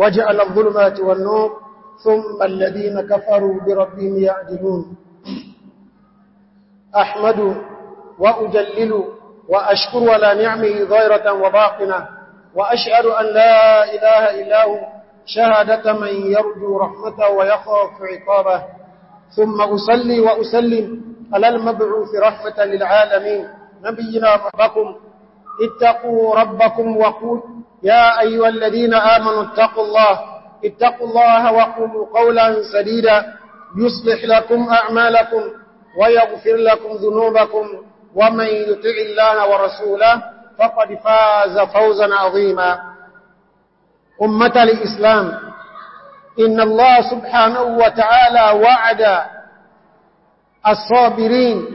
وجعل الظلمات والنور ثم الذين كفروا بربهم يعدلون أحمد وأجلل وأشكر ولا نعمه ظاهرة وباطنة وأشهد أن لا إله إلا هو شهادة من يرجو رحمته ويخاف عقابه ثم أصلي وأسلم على المبعوث رحمة للعالمين نبينا ربكم اتقوا ربكم وقولوا يا أيها الذين آمنوا اتقوا الله اتقوا الله وقولوا قولا سديدا يصلح لكم أعمالكم ويغفر لكم ذنوبكم ومن يطع الله ورسوله فقد فاز فوزا عظيما أمة الإسلام إن الله سبحانه وتعالى وعد الصابرين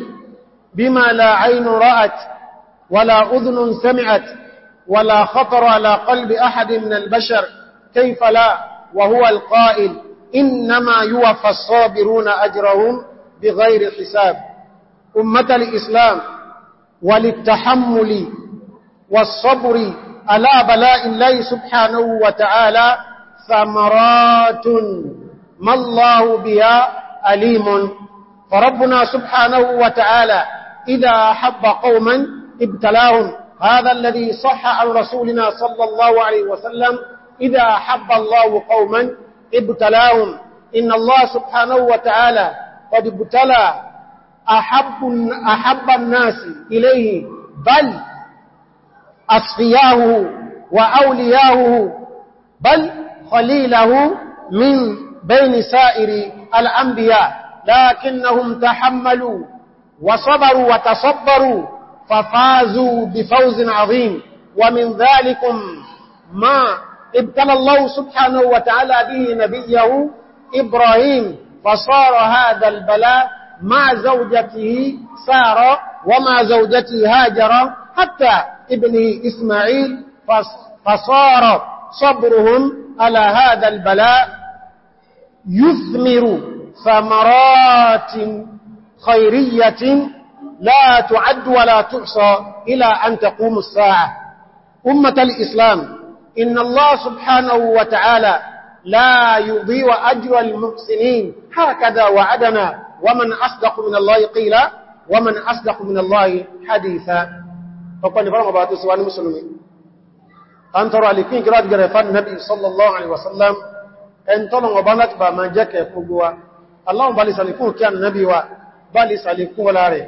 بما لا عين رأت ولا أذن سمعت ولا خطر على قلب أحد من البشر كيف لا وهو القائل إنما يوفى الصابرون أجرهم بغير حساب أمة الإسلام وللتحمل والصبر ألا بلاء الله سبحانه وتعالى ثمرات ما الله بها أليم فربنا سبحانه وتعالى إذا أحب قوما ابتلاهم هذا الذي صح عن رسولنا صلى الله عليه وسلم إذا حب الله قوما ابتلاهم إن الله سبحانه وتعالى قد ابتلى أحب, أحب الناس إليه بل أصفياه وأولياه بل خليله من بين سائر الأنبياء لكنهم تحملوا وصبروا وتصبروا ففازوا بفوز عظيم ومن ذلك ما ابتلى الله سبحانه وتعالى به نبيه إبراهيم فصار هذا البلاء مع زوجته سارة ومع زوجته هاجرة حتى ابنه إسماعيل فصار صبرهم على هذا البلاء يثمر ثمرات خيرية لا تعد ولا تحصى إلى أن تقوم الساعة أمة الإسلام إن الله سبحانه وتعالى لا يضيع أجر المحسنين هكذا وعدنا ومن أصدق من الله قيلا ومن أصدق من الله حديثا فقال فرما بعض السؤال المسلمين أن ترى لكين قراد قرفان النبي صلى الله عليه وسلم أن ترى وبالك بما جاك يقول اللهم بالي سالكون كان النبي وبالي سالكون لاري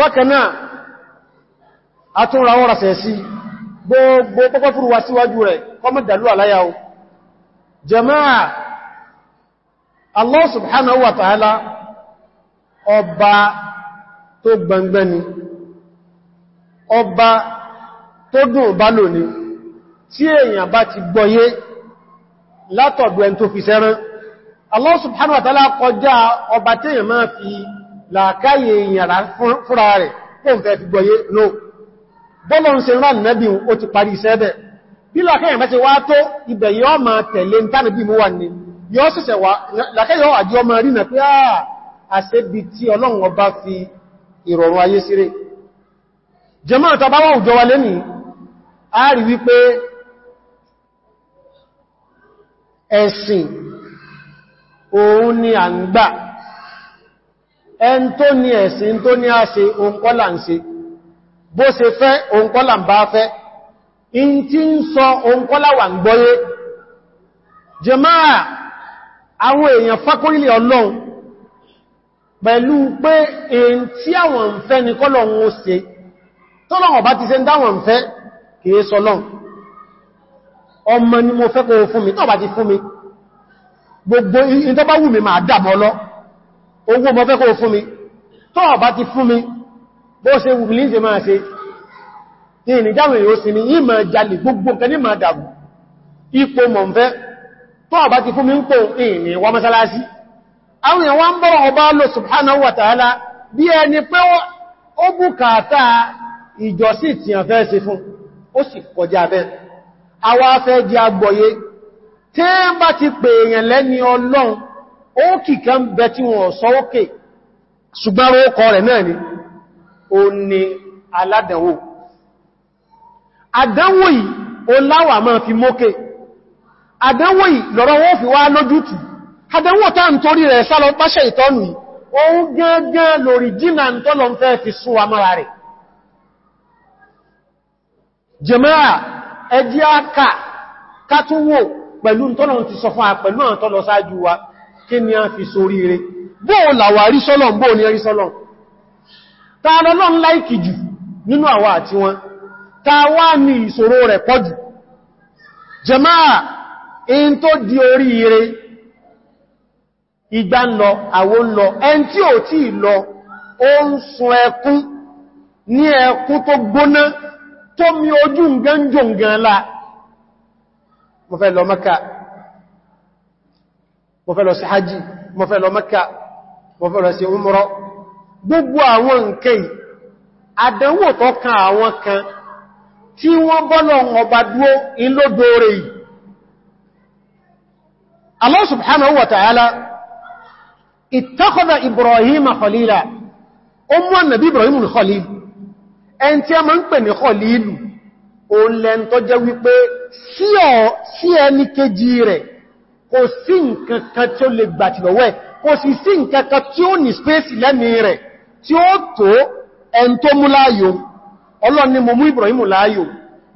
bákanáà àtúnra wọ́n rasẹ̀ sí gbogbo pọ́pọ́fúrú wa síwájú rẹ̀ kọmọ̀dàlú aláyáwó jama'a Allah subhanahu wa ta'ala ọba tó gbangbani ọba tó dùn bá lóní tí èyàn bá ti gbọ́yé látọ̀dọ̀ ẹn tó fi sẹ́rán Allah subhanahu wa ta'ala kọjá ọba tí èyàn máa fi làkáyè ìyàrá fúnra rẹ̀ tó ń fẹ́ fi gbọ́yé ló bọ́lọ̀ ń ṣe rán nẹ́bí ó ti parí iṣẹ́ bẹ̀ bí làkáyè mẹ́ ti wá tó ibẹ̀ yọ́ ma tẹ̀lé ń tánàbí mú wà ní yọ́ sẹ̀sẹ̀ wá làkáyè àjí ọmọ rí nà pé òun ni à ń gbà ẹn tó ní ẹ̀sìn tó ní àṣe òǹkọ́là ń ṣe bó ṣe fẹ́ òǹkọ́là ń bá fẹ́ in tí ń sọ òǹkọ́là wà ń gbọ́yé jẹmáà àwọn èèyàn fákórílẹ̀ ọlọ́run pẹ̀lú pé èyí tí àwọn ń fẹ́ ní kọ́lọ̀ ń ó gbogbo ìtọ́bá wù mi máa dàbọ̀ lọ́wọ́ owó mo fẹ́ kó fún mi tó ọ̀bá ti fún mi bó ṣe wù mí ṣe máa ṣe ìrìn dáwọn èèyàn sí ni yí máa jalè gbogbo nǹkan ní máa dàbù ipò mọ̀ ń fẹ́ tó ọ̀bá ti fún mi ń pò ìrìn wa mọ́sálásí àwọn èèyàn wá ń bọ́rọ̀ ọba lọ subhanahu wa ta'ala bí ẹni pé ó o kika bẹ tí wọ́n sọ ókè ṣùgbọ́n rẹ̀ náà ni o ni aládánwò àdánwò yìí láwà fi mókè àdánwò yìí lọ́rọ̀ wọ́n fi wá lójútù àdánwò tá torí rẹ̀ sálọ pàṣẹ ìtọ́nù yìí gẹ́gẹ́ lórí jìnà pẹ̀lú ti sọ fún kí ni a fi sórí rẹ̀ bóò làwà rí sọ́lọ̀ bóò ní rí sọ́lọ̀ tààrà lọ́n láìkì jù nínú àwa àti wọn tààwà ní ìṣòro rẹ̀ pọ̀jù jẹmáà in tó di orí rẹ̀ ìgbà ń lọ àwo ń lọ ẹn tí ò tí lọ ó ń sun ẹkún ní ẹkún tó gbóná tó mi ojú ǹgán jò ǹgán láà mo fẹ́ lọ Mẹ́kà mo fẹ́ lọ sí hajji mo fẹ́ lọ mẹ́kà mo fẹ́ lọ sí umrọ gbogbo àwọn nǹkan àdánwò tó kan àwọn kan tí wọ́n bọ́lọ̀ ọba dúó ilódóore yìí Allah subhanahu wa ta'ala ittakhadha Ibrahim khalila ó mú annabi Ibrahim khalil ẹn kò sí nǹkan kan tí ó lè gbà tí lọ́wọ́ ẹ̀ kò sì sí nǹkan kan tí ó ní spéèsì lẹ́mí rẹ̀ tí ó tó ẹn tó mú láàyò ọlọ́run ni mo mú Ibrahim láàyò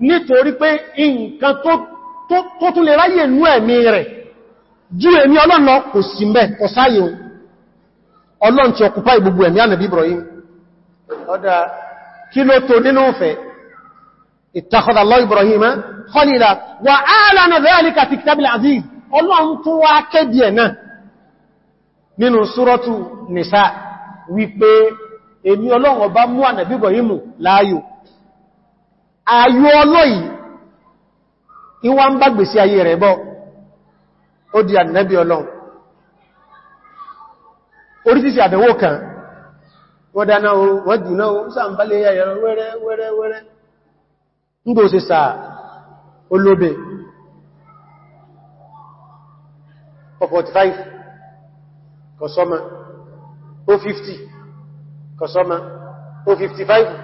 nítorí pé nǹkan tó tún lè ráyè nú ẹ̀mí rẹ̀ ju ẹ̀mí ọlọ́run lọ Ibrahim ọ̀dà kí ló tó nínú ìfẹ́ اتخذ ọlọ́run tún wá kéde ẹ̀ náà nínú súrọ́tù nìsá wípé èmi ọlọ́run ọba mú ànàbí láàyò ń bá gbèsè ayé rẹ̀ bọ́ ó di ànàbí ọlọ́run orísìsì àdẹ̀wò kan wọ́n dáná wọ́n kọ 45 kọsọ́mà ó 50 kọsọ́mà ó 55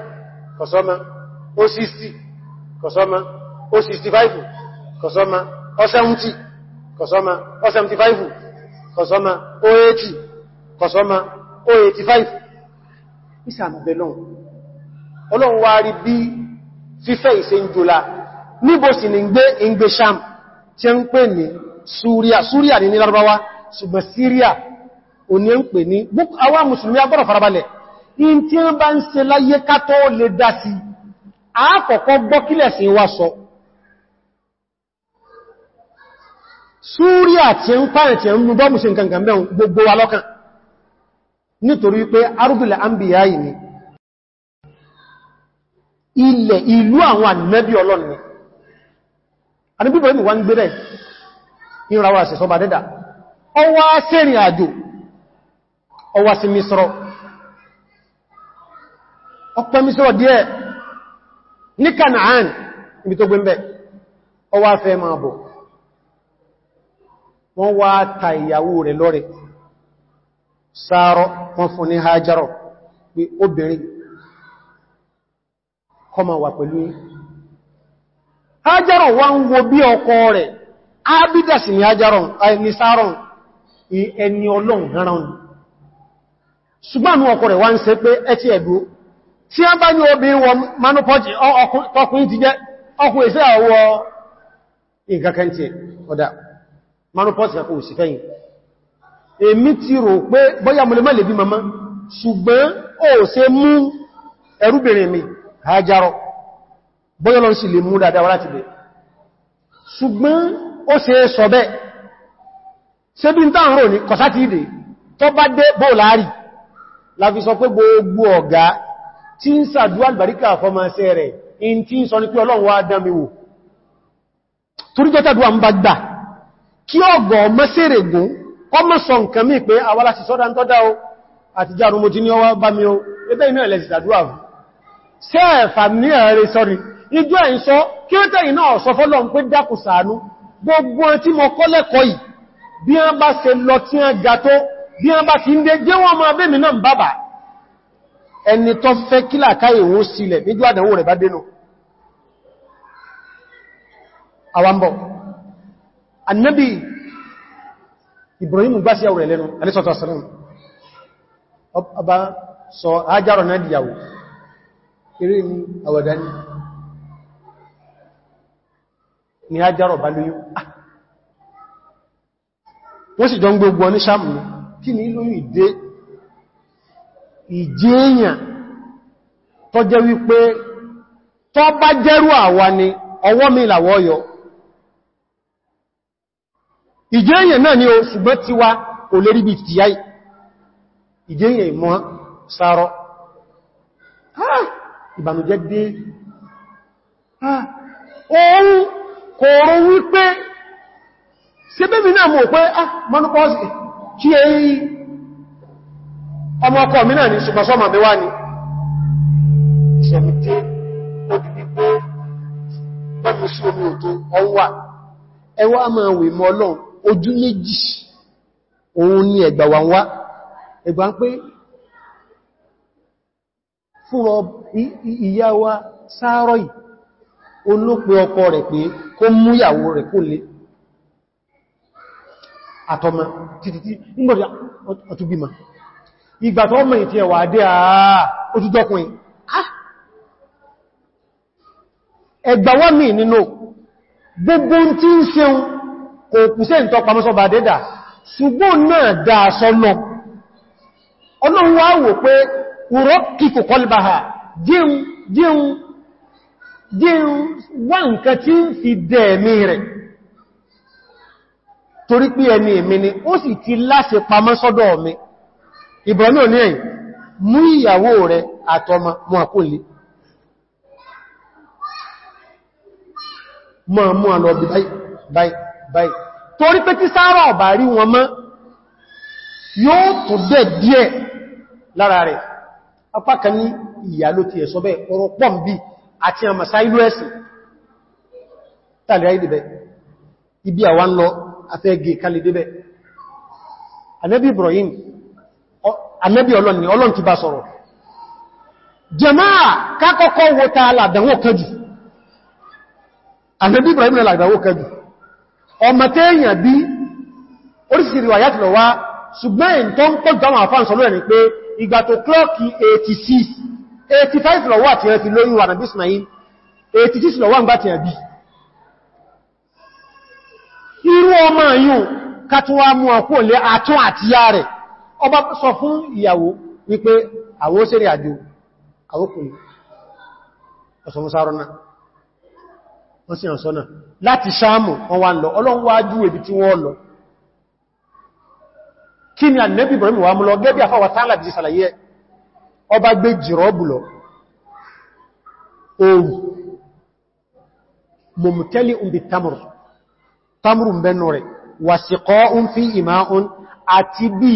kọsọ́mà ó 60 kọsọ́mà ó 65 kọsọ́mà ó 70 kọsọ́mà ó 75 kọsọ́mà ó 80 kọsọ́mà ó 85 ìsàmọ̀bẹ̀lọ́n ọlọ́run wá rí bí fífẹ́ ìṣẹ́ ń jòlá níbo sì ní gbé ìgbé sham tí ń pè ní Súríà Súríà ní Lárúbáwá ṣùgbọ́n Síríà ò ní ń pè ní àwọn Mùsùlùmí agbọ́rọ̀ farabalẹ̀ in tí ó bá ń ṣe láyé kátọ́ lè dá sí àákọ̀kọ́ gbọ́kílẹ̀ sí wá sọ Súríà tí ń pààyàn tí ń mú bọ́mù sí nǹkan gàmbẹ̀ gbogbo wa lọ́kàn nítorí pé arúgbìlẹ̀ àmbìyàyì ni ilẹ̀ ìmú wa ń gbé rẹ̀ ìràwà sí sọba dẹ́dà ọwá sẹ́rìn àjò ọwá sí misrọ ọpẹ́ misrọ díẹ̀ ní kanaan ibi tó gbé mbẹ̀ ọwá fẹ́ máa bọ̀ wọ́n wá ta ìyàwó rẹ̀ lọ́rẹ̀ sáárọ̀ wọ́n fún ní hajjarọ̀ pé obìnrin wà ábídà sí ni ajáron ní sáàrùn ẹni ọlọ́run ránran ni ṣùgbọ́n ọkọ̀ rẹ̀ wá ń ṣe pé ẹtí ẹ̀gbó tí a bá ní obìnrin wọ manupọ́jì ọkùnrin ti jẹ́ ọkùn èsẹ́ àwọ ìgakẹ́ntì ọ̀dá mama ṣùgbọ́n ó ṣe mú mi hajarọ bọ́yá lọ́n sì lè mú dáadáa wá ṣùgbọ́n ó ṣe é sọ bẹ́ ṣe bí n tàn rò ní kọ̀sátì ìdè tó bá dé bó láàrí la fi sọ pé gbogbo ọ̀gá tí ń sàdúwà àlùbáríkà fọmọsẹ́ rẹ̀ in tí ń sọ ní pé ọlọ́run wá dámiwò toríjọ́tàdúwà ń bá gbà kí ọgọ̀ mẹ́sẹ̀rẹ̀ gùn ọmọ sọ nǹkan mí pé awọ́lá ti sọ́dá ń tọ́dá o àti járun mo ti ní ọwọ́ bá mi o ẹgbẹ́ inú ẹ̀lẹ́sì ẹ̀rẹ́ sọ́rí ijọ́ ẹ̀ kí ó tẹ́yìn náà sọ fọ́lọ́run pé dákùsàánú gbogbo tí mọ kọ́lẹ̀kọ́ yìí bí wọ́n bá ṣe lọ tí wọ́n ga tó bí wọ́n bá ti ń dé jẹ́ wọ́n máa bẹ́mì náà bàbá ẹni tó fẹ́ kílà káyè wó sílẹ̀ níjú àdánwò rẹ̀ bá dénú àwambọ̀ annabi Ibrahim gbásí àwọ̀ rẹ̀ lẹ́nu alẹ́sọ̀tọ̀ sọ́rọ̀ ọba sọ ájárọ̀ ni a járọ̀ bá lóyún ah. wọ́n sì jọ ń gbogbo ní sáàmù kí ní lóyún ìdé ìjéèyàn tó jẹ́ wípé tó bá jẹ́rú àwa ni ọwọ́ mi làwọ́ yọ ìjéèyàn náà ni o ṣùgbọ́n ti wá o lè ríbi ti yáì ìjéèyàn ìmọ́ sáró ah! ìbànújẹ́ dé ohun ah! kò wípé ṣe bẹ́mi náà mọ̀ pé ah manupọ́sì kí è yí ọmọ ọkọ̀ mi náà ni ṣùgbọ́sọ́mà bí wá ní tí ọdún sí omi òtó ọwà ẹwà wè mọ́ ni ẹgbà olópe ọkọ rẹ̀ pé kó mú ìyàwó rẹ̀ kó lé àtọmọ títítí nígbàtí ọtúgbìmọ̀ ìgbàtí ọmọ ìtí ẹwà dé àà ojúdọ́kùnrin ẹgbàwọ́ mi nínú gbogbo tí ń seun kò kùsẹ́ ìtọ́ jẹ́ wá nǹkan tí ń fi dẹ̀ẹ̀mí rẹ̀ torí pé ẹni èmi ni ó sì ti láṣe pamọ́ sọ́dọ̀ mi Ibrahim ní ẹ̀yìn mú ìyàwó rẹ̀ àtọmọ mọ́ àkólé mọ́ mọ́ lọ bí báyìí báyìí torí pé tí sára ọ̀bà rí wọn mọ́ yóò tó dẹ̀ díẹ̀ lára rẹ̀ apá ìyà ló ti ẹ̀sọ́ bẹ́ẹ̀ ọ̀rọ̀ pọ̀ bíi àti àwọn masáìlú ẹ̀sìn tàbí ayé dìbẹ̀ ibi àwa ń lọ afẹ́ gẹ kalẹ̀ dìbẹ̀ anẹ́bí Ibrahim anẹ́bí ọlọ́n ni ọlọ́n ti bá sọ̀rọ̀ jẹmáà kákọ́kọ́ wo ta làdánwò kẹjù anẹ́bí Ibrahim làdánwò kẹjù ọmọ tẹ́yàn bí orísìírí wà yàtìlọ wá ṣùgbọ́n ìntọ́ ń pọ̀ jọ àwọn àfáànsọ́lọ́ ẹ̀ ìgbà tó klọ́ọ̀kì 85 lọ wà tí ẹ fi lóyún wà nàbí Ismail 86 lọ wà ń gbá ti ẹ̀bí irú ọmọ yìí kàtúwà mú ọkú olè àtún àti yá rẹ̀ ọba sọ fún ìyàwó wípé àwọ́ sẹ́rẹ̀ àjò àwókùnrin ọ̀sọ̀mọ́sárọ́nà wọ́n sì ọ̀sọ́nà láti sáàmù wọn wá lọ ọlọ́wọ́wájú ebi tí wọ́n lọ kí ni ànẹ́bì Ibrahim wà mú lọ gẹ́bí àfáwà tààlà jí sàlàyé ọba gbé jìrọ́bù lọ oòrùn mọ̀mùtẹ́lì ǹdì tamuru tamuru mẹ́nu rẹ̀ wà sí kọ́ ń fi ìmáhún àti bí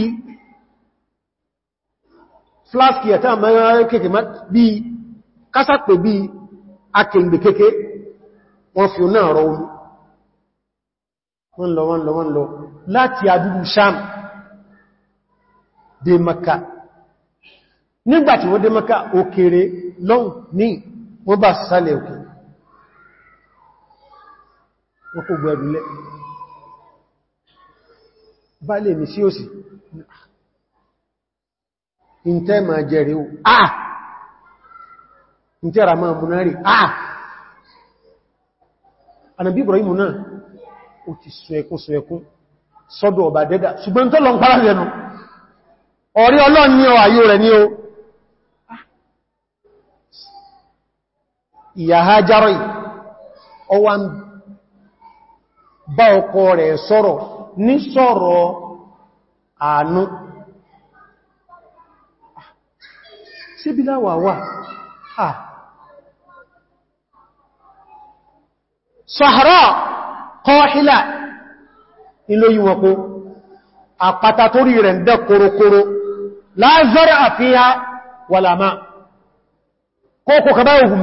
flask yẹ̀tẹ́ àmẹ́rẹ́ kéèkè bí kásàpẹ̀ bí akèǹgbè kéèké wọ́n fi náà rọ omi wọ́n lọ wọ́n lọ láti àdúgbù sham dé Makkah nígbàtí wọ́n dé maka òkèrè lọ́hùn ní wọ́n bá sálẹ̀ òkè wọ́n kò gbẹ̀rù bá lè mi sí òsì ìntẹ́ ma jẹ́rẹ̀ o àà ìntẹ́ máa múná rí àà náà ó sọ ẹkún sọ ẹkún sọ́dọ̀ ọba ṣùgbọ́n tó lọ ń pàrà rẹ̀ nù ọ̀rí ọlọ́ ni ọ o ìyà hajjarọ̀ ọwá ń bá ọkọ rẹ̀ sọ̀rọ̀ ní sọ̀rọ̀ àánú síbí láwà wà à sahara kọ́ọ̀hílà ilé ìwọ̀pọ̀ àpàtà tó rí rẹ̀ ń dẹ́ korokoro láàzọ́rọ̀ àfihà wàlàmá kókò kàbáyé òhun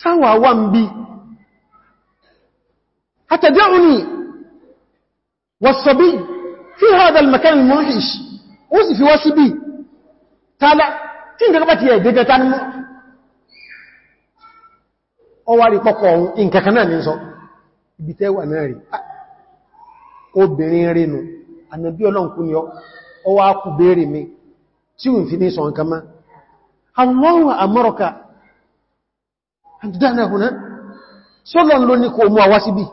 sáwọn àwà ń bí àtẹ̀dẹ́rùn-ún wàsọ̀bí fi hádà al-makan al-muhish ó sì fi wá sí bí tààlá tí nǹkan bá ti yẹ ìdẹ́gẹ́ tánú ọwà rí pọ̀pọ̀ ohun nǹkankan náà ní sọ ibi tẹ́wà náà rí obìnrin rínú ànàbí ọlọ́nkú ni أنت دعنا هنا صلى الله لك ومواس بي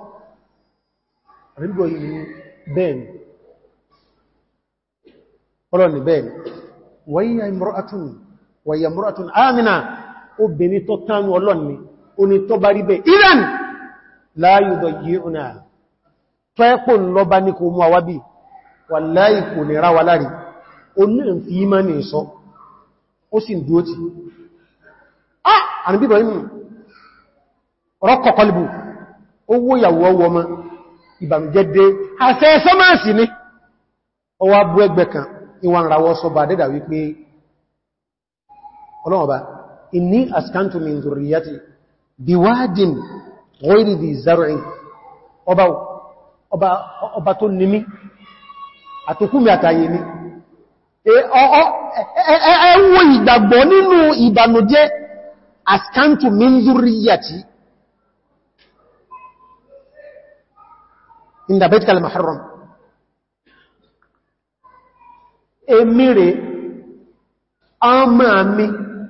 àríbò yìí bẹ́ẹ̀ni ọlọ́ni bẹ́ẹ̀ni wáyíyà ìmọ̀rọ̀tún wáyíyà ìmọ̀rọ̀tún àmìnà obìnrin tó tánú ọlọ́ni oní tó bá rí bẹ́ẹ̀ ìrìn láyùdọ̀ yìí ọ̀nà tó ẹ́pò lọ́bá ní kò mú àwábí wà láì rọ́kọ̀ kọlùbù owó ìyàwó ọwọ́ ọmọ ìbàmìjẹ́dé àṣẹ sọ́mọ́sì ní ọwọ́ abụọ egbe kan ìwọ̀n rawọ́ sọba dẹ́dà wípé ọlọ́ọ̀bá inni askantu min zurriyati biwadin ghairi ọba mi inda baitika al-muharram emire ama mi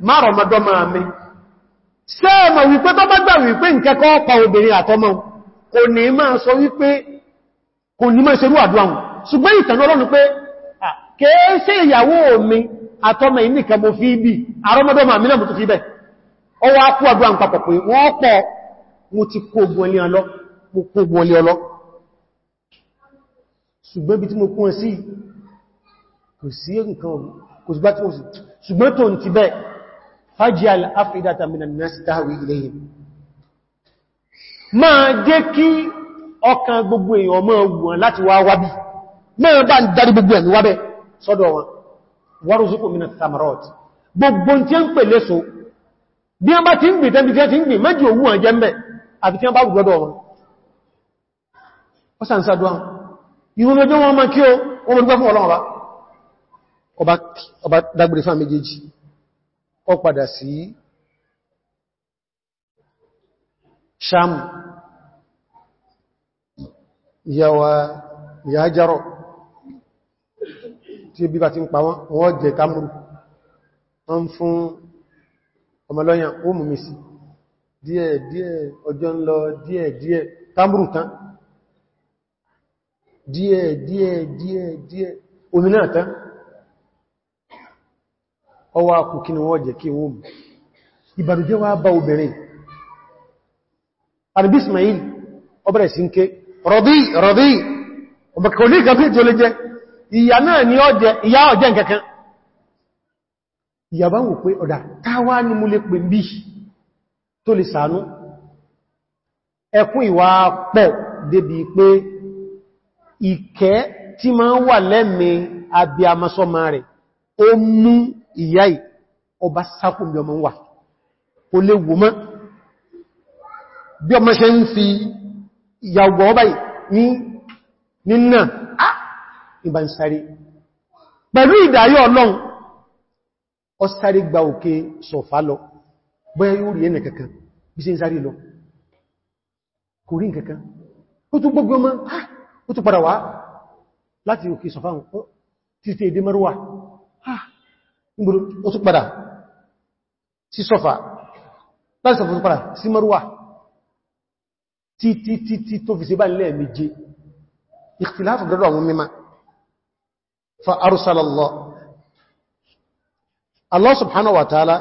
ma ramadan ma mi ṣé mo wí pé tó bá gbà wí pé nke ko pa obìnrin àtọmọ kò ní máa sọ wí pé kò ní máa ṣe ru àdúà wọn ṣùgbọ́n ìtàn Ọlọ́run pé ah ke ṣe ìyàwó mi àtọmọ yìí nìkan mo fi bí àrọmọdọ́ ma mi náà mo tó fi bẹ́ ọ wá kú àdúà ń papọ̀ pé wọ́n pọ̀ mo ti kó ogun ẹlẹ́ ọlọ́ ṣùgbọ́n bí tí mo kún ẹ sí kò sí nǹkan kò sí bá tí mo sì ṣùgbọ́n tó ń ti bẹ́ fàájí al-afidata minan nas tahwi ilayhim máa jẹ́ kí ọkàn gbogbo èèyàn máa wùn láti wá wábí máa bá ń darí gbogbo ẹ̀mí wábẹ́ sọ́dọ̀ wọn warzuqu minat thamarat gbogbo tí ń pè ìwọ̀n ọjọ́ wọn ma kí o wọ́n mọ̀ gbọ́fún ọlọ́ọ̀bá ọba dágbèrè fún àmìjèjì ọ padà sí ṣàmù ìyàwà ìyàjárọ̀ tí bí bá ti ń pa wọ́n wọ́n jẹ kámúrù wọ́n fún ọmọlọ́yàn ó mú mi sí díẹ̀ díẹ̀ ọjọ́ ń lọ díẹ̀ díẹ̀ kámúrù tán díẹ̀ díẹ̀ díẹ̀ díẹ̀ omi náà tán ọwọ́ akù kí ni wọ́n jẹ́ kí wọ́n mú ìbànújẹ́ wá bá obìnrin àdìbí Ismail ọbẹ̀rẹ̀ sí ń ké rọ̀dí rọ̀dí ọbẹ̀kọ̀ ní ìgbà tó lè jẹ ìyà náà ni ìyà ọjẹ́ nkankan ìyà bá ń wò pé ọ̀dà táwá ní mú lè pè bí tó lè sàánú ẹkún ìwà pọ̀ débi pé ìkẹ́ tí ma ń wà lẹ́mẹ́ àbí àmasọ́mà rẹ̀ ó mú ìyá ì ọba sákùn bí ọmọ wà ó lè wò mọ́ bí ọmọ ṣe ń fi ìyàwó ọba ní nínà ìbá ń sáré pẹ̀lú ìdáyé ọlọ́run ọ sáré gba òkè sọ̀fà lọ bóyá yóò rí ẹnì kankan bí ṣe ń sáré lọ kò rí nǹkankan ó tún gbogbo ọmọ ó tún padà wá láti òkè sọfáhùn títí èdè mẹ́rúwà ah, ó tún padà sí sọfà láti sọfà tún padà sí mẹ́rúwà títí títí tó fi sí bá ilẹ̀ méje ìkìláàfù gẹ́rọ àwọn mímá fa arsalallah Allah subhanahu wa ta'ala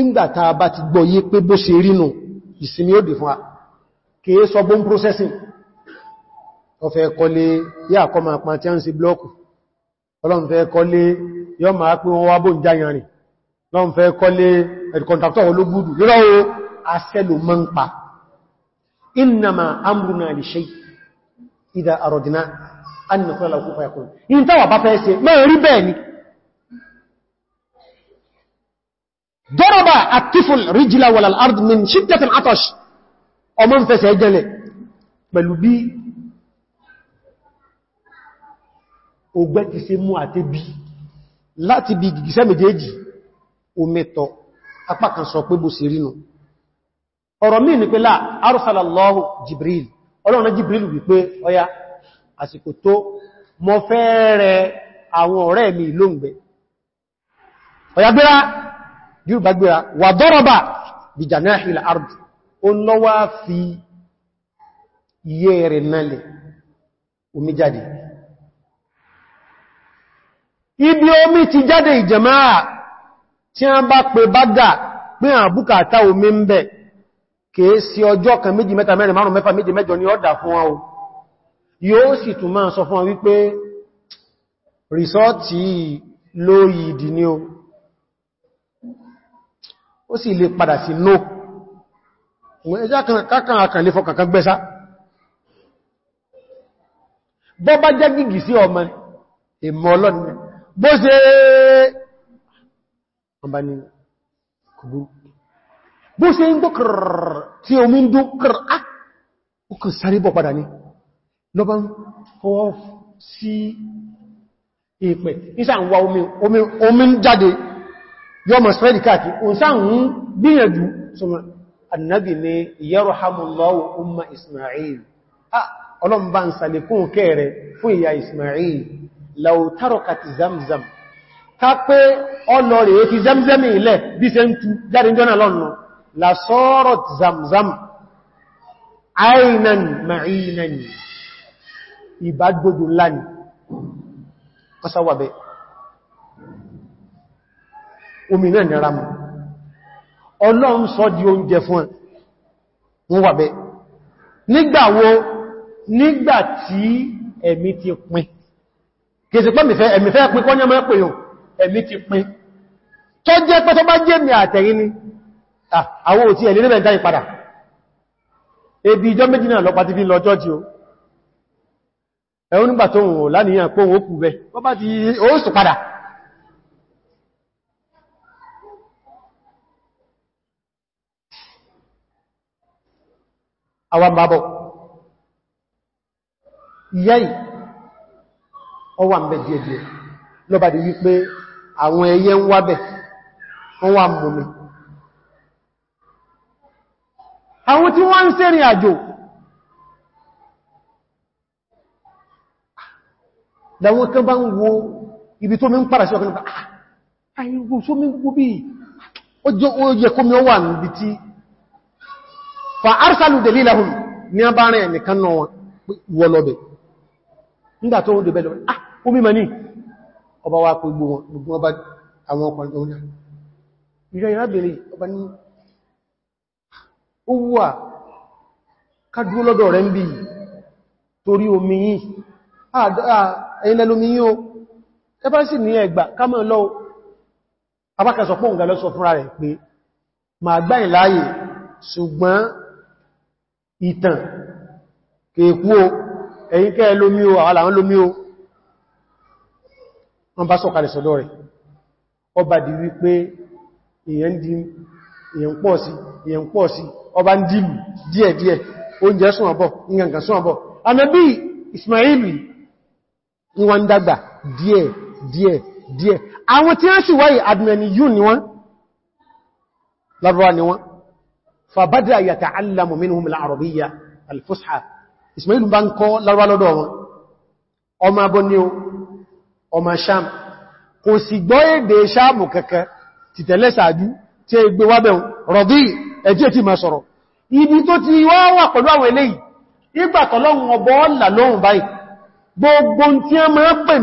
ìgbàta bá ti gbọ́ yí pé bó ṣe rínú ìsinmi ó dì fún a kìí sọ bó processing ọfẹ́ kọlé yà kọ ma pa tí a ń sí blọ́ọ̀kù ọlọ́nfẹ́ kọlé yọ ma pín wọn wá bó ń jáyàrin lọ́nfẹ́ kọlé ẹ̀dùkọ̀ntàktọ̀ olóbùdù yọ́rọ̀ asẹ́lò mọ́ ń pa innama amruna li shay idha aradna an naqula lahu kun fayakun in ta wa ba fẹ́ ṣe ma rí bẹ́ẹ̀ ni daraba at-tifl rijla wal ard min shiddat al-atash ọmọ ń ogbẹ́ ti ṣe mú àti bí láti bí gìgìsẹ́ méjèèjì omẹ́tọ̀ apákan sọ pé bó ṣe rínú ọ̀rọ̀ mí ní pé láà arúsàlọ́hù jibril ọlọ́run jibril wípé ọya àsìkò tó mọ fẹ́ rẹ àwọn ọ̀rẹ́ mi lóǹgbẹ́ ọya gbéra yúrùbá gbéra wà dọ́rọ̀bà bìjànáhìlà ardu iye rẹ̀ nálẹ̀ omi jáde ibi omi ti jáde ìjẹmáà tí a bá pe bádà pín àbúkàtà omi ń bẹ̀ kìí sí ọjọ́ kan méjì mẹ́ta mẹ́rin márùn mẹ́fà méjì mẹ́jọ ni ọ́dà fún wọn o yóò sì tún máa sọ fún wọn wípé rìsọ́ọ̀tì lóyìí ìdí ni ó sì lè padà sí no ẹjá jẹ́ gígì sí ọmọ ìmọ̀ ọlọ́nà bó ṣe ọba ni kùgbù bó ṣe ń gbókùrù tí omi ń dókùrù á kùkù sáré bọ̀ padà ní lọ́bá ń fọwọ́ sí ìpẹ̀ ìsà ń wa omi ń jáde yọ mọ̀ sọ́rẹ́dì káàkì o sá ń gbìyànjú súnmọ́ umma Ismail ah, ọlọ́mbà ń sàlẹ̀kún kẹ́rẹ fún ìyá Ismail láòtárọ̀kàtì zamzam ká pé ọlọ rẹ̀ fi zamzam ilẹ̀ bí se ń tú jáde jọ́nà lọ́nà lásọ́rọ̀ zamzam àìnan ma'inan ìbágbógun láni ọsáwàbẹ̀ omi náà nira mọ̀ ọlọ́run sọ di oúnjẹ fún ẹ̀ wọ́n wàbẹ̀ nígbàwo nígbàtí ẹ̀mí ti pin kèsì pọ́ ẹ̀mìfẹ́ pín kọ́ yẹmọ́ pè yàn ẹ̀mí ti pín tó jẹ́ pẹ́ tó bá jẹ́ mi àtẹ̀yìn ni àwọn òtí ẹ̀lẹ́ níbẹ̀ ìdáyì padà ebi ìjọ méjì náà lọ́pàá ti fi lọ jọ́jì o ẹ̀hún nígbà tó hùn láníyàn pé òun ó kù bẹ́ wọ́n bá ti oóṣù padà àwọn bàbọ̀ yìí ọwà mẹ́ díẹ̀díẹ̀ lọ́bà di wípé àwọn ẹyẹ ń wábẹ̀ wọ́n wà mọ̀mí àwọn tí wọ́n ń sẹ́rìn àjò láwọn kan bá ń wo ibi tó mi ń pàdà sí ọkàn nípa àìwò ah, só mi gbogbo bí ó yẹ kó mi níbi tí fa arsalu dalilahum ní a bá rẹ̀ nìkan náà wọ́lọ́bẹ̀ nígbà tó ń dẹ̀ ó mímọ̀ ní ọba wa kò gbogbo ọba àwọn ọkùnrin tó náà ìrẹ́ ìrábìnrin ọba ní ó wà kádúró lọ́dọ̀ rẹ̀ ń bí torí omi yìí ẹ̀yìn lẹ́lómi yìí o ẹbá sì ní ẹgbà kámọ̀ lọ abákasọ̀ pọ̀ ǹgà lọ́sọ fúnra rẹ̀ pé ma gbáyìn láàyè ṣùgbọ́n ìtàn kèèkú o ẹ̀yìn kẹ́ lómi o àwọn wọ́n bá sọ̀kalẹ̀ sọ́dọ̀ rẹ̀ ọba di wípé èyàn pọ̀ sí èyàn pọ̀ sí ọba ń dìlù díẹ̀díẹ̀ oúnjẹ sún ọbọ̀ ìyànkà sún ọbọ̀ ànábì Ismaili ni wọ́n dàgbà díẹ̀díẹ̀ àwọn tí wọ́n sì wáyé admeni yìí ni wọ́n lárúwá ni wọ́n ọmọ Ṣam kò sì gbọ́ èdè Ṣáàmù kẹkẹ ti tẹ̀lé sàájú tí è gbé wábẹ̀ rọ̀dí ẹjẹ́ ti ma sọ̀rọ̀ ibi tó ti wá wà pẹ̀lú àwọn eléyìí ìgbàtọ̀lọ́run ọbọ̀ ọ̀là lóhun báyìí gbogbo tí a máa pè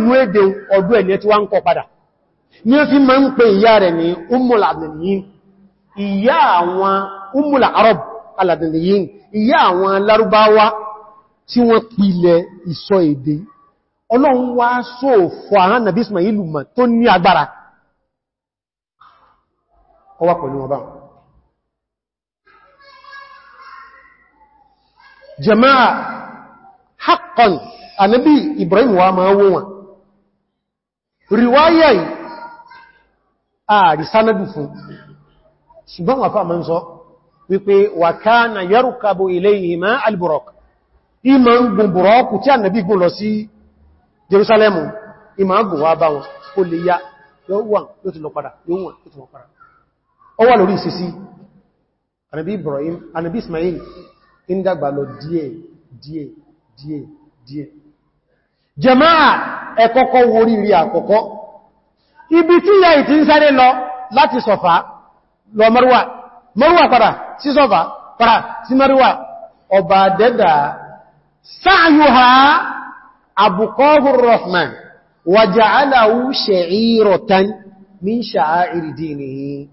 ní arab aladìyìn ìyá àwọn Lárúbáwá tí wọ́n pilẹ̀ ìsọ èdè ọlọ́run wá só fọ àrán nàbí Ismailu mọ̀ tó ní agbára ọwá pẹ̀lú wọn báwọn jama'a haqqan anabi Ibrahim wa ma wo wọn riwaya yìí ààrí sánàdù fún ṣùgbọ́n wà fáà mọ́ sọ wípé wà káà na yarukabu ilayhima al-buraq ìmọ̀ ń gùn burọ́kù tí ànàbí gùn lọ sí Jerusalemu ìmọ̀gùn wá bá wọn ó lè yá yóòwàn ti lọ padà ti lọ padà wà lórí Ibrahim ànábì Ismail ń dàgbà lọ díẹ̀ díẹ̀ díẹ̀ díẹ̀ worí rí àkọ́kọ́ ibi tí ya ìtí ń sáré lọ láti sọ̀fà lọ Marwa Marwa padà sí sọ̀fà padà sí Marwa ọba dẹ́dà ha أبقاه الرحمن وجعله شعيرة من شعائر دينه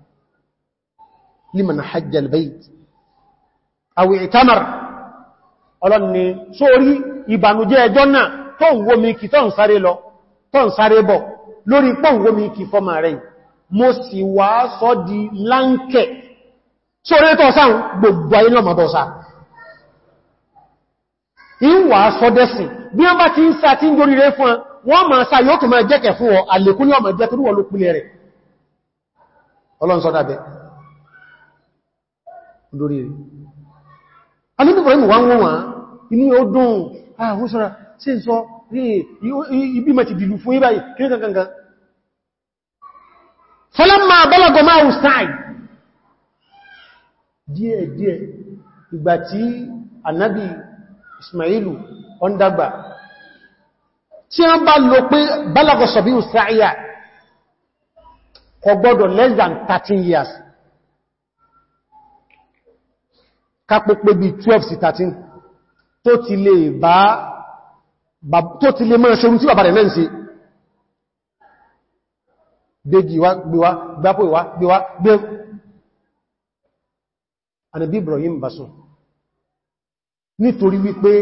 لمن حج البيت أو اعتمر ọlọ́ni sórí ìbànújẹ́ ẹjọ́ náà tó ń wo mi kì tó ń sáré lọ tó ń sáré bọ̀ lórí pọ̀ ń wo mi kì fọ́mà rẹ̀ mo sì wá sọ́ di láńkẹ̀ sórí tó gbogbo ayé náà mọ́bọ̀sá ìwà sọ́dẹ́sìn bí wọ́n bá ti ń sa tí ń gorí rẹ̀ fún wọn ma sa yóò tó máa jẹ́kẹ̀ fún ọ àlékún ní ọmọ jẹ́ tó rúwọ ló pínlẹ̀ rẹ̀ ọlọ́run sọ́dábẹ́ lórí rẹ̀ alúgbùgbùrù ìmú wọ́n wọ́n inú ó dùn àwọn sọ́ra sí ń sọ ibi mẹ́ ti dìlù fún ibáyì kí falamma balagha ma ustai díẹ̀ díẹ̀ ìgbà tí Ànábì Ismailu ọ̀ndàgbà tí a bá lò pé bálagọ̀sọ̀ bí ìsáyà kò less than 13 years kápò pé bí 12 sí 13 tó ti lè bá tó ti lè mọ́ ṣorun tí bàbá rẹ̀ lẹ́ǹsí gbégi wá gbéwá gbápò ìwá gbéwá gbé Ibrahim Basun nítorí wípé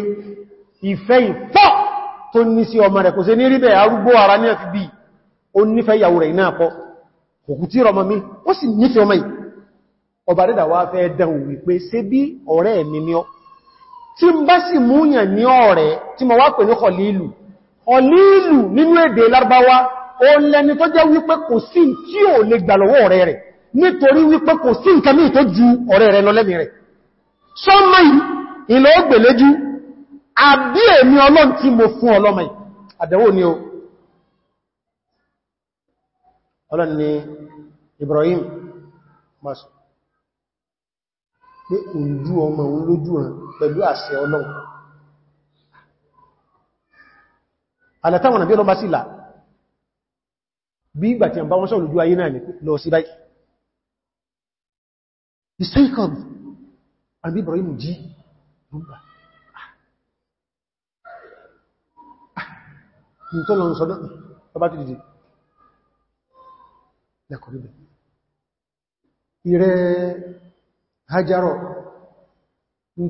ìfẹ́ ìfọ́ tó ní sí ọmọ rẹ̀ kò sí ní ríbẹ̀ arúgbó ara ní ẹ̀fì bí o nífẹ́ ìyàwó rẹ̀ iná àpọ́ òkú tí rọmọ mi ó sì nífẹ́ ọmọ yìí ọba dẹ́dà wá fẹ́ dẹ̀hùn wípé ṣe bí ọ̀rẹ́ mi ni ọ tí ń bá sì múyàn ní ọ̀rẹ́ tí mo wá pè ní kọlílù ọlílù nínú èdè lárúbáwá ó lẹni tó jẹ́ wípé kò sí tí ò lè gbà lọ́wọ́ ọ̀rẹ́ rẹ̀ nítorí wípé kò sí nǹkan míì tó ju ọ̀rẹ́ rẹ̀ lọ lẹ́mìí rẹ̀ sọ́mọ́ yìí ìlò ògbèléjú àbí èmi ọlọ́n tí mo fún ọlọ́mọ àdẹ̀wò ni o ọlọ́n ni Ibrahim masu pé òjú ọmọ òun lójú rẹ̀ pẹ̀lú àṣẹ ọlọ́n alẹ́tàwọn àbí ọlọ́bá sí ìlà bí ìgbà tí àbá wọn sọ Ibrahim jí ní tó lọ ń sọdọ́ ọba tó dìde lẹ́kọ̀ọ́ níbẹ̀ ìrẹ́ hajjarọ̀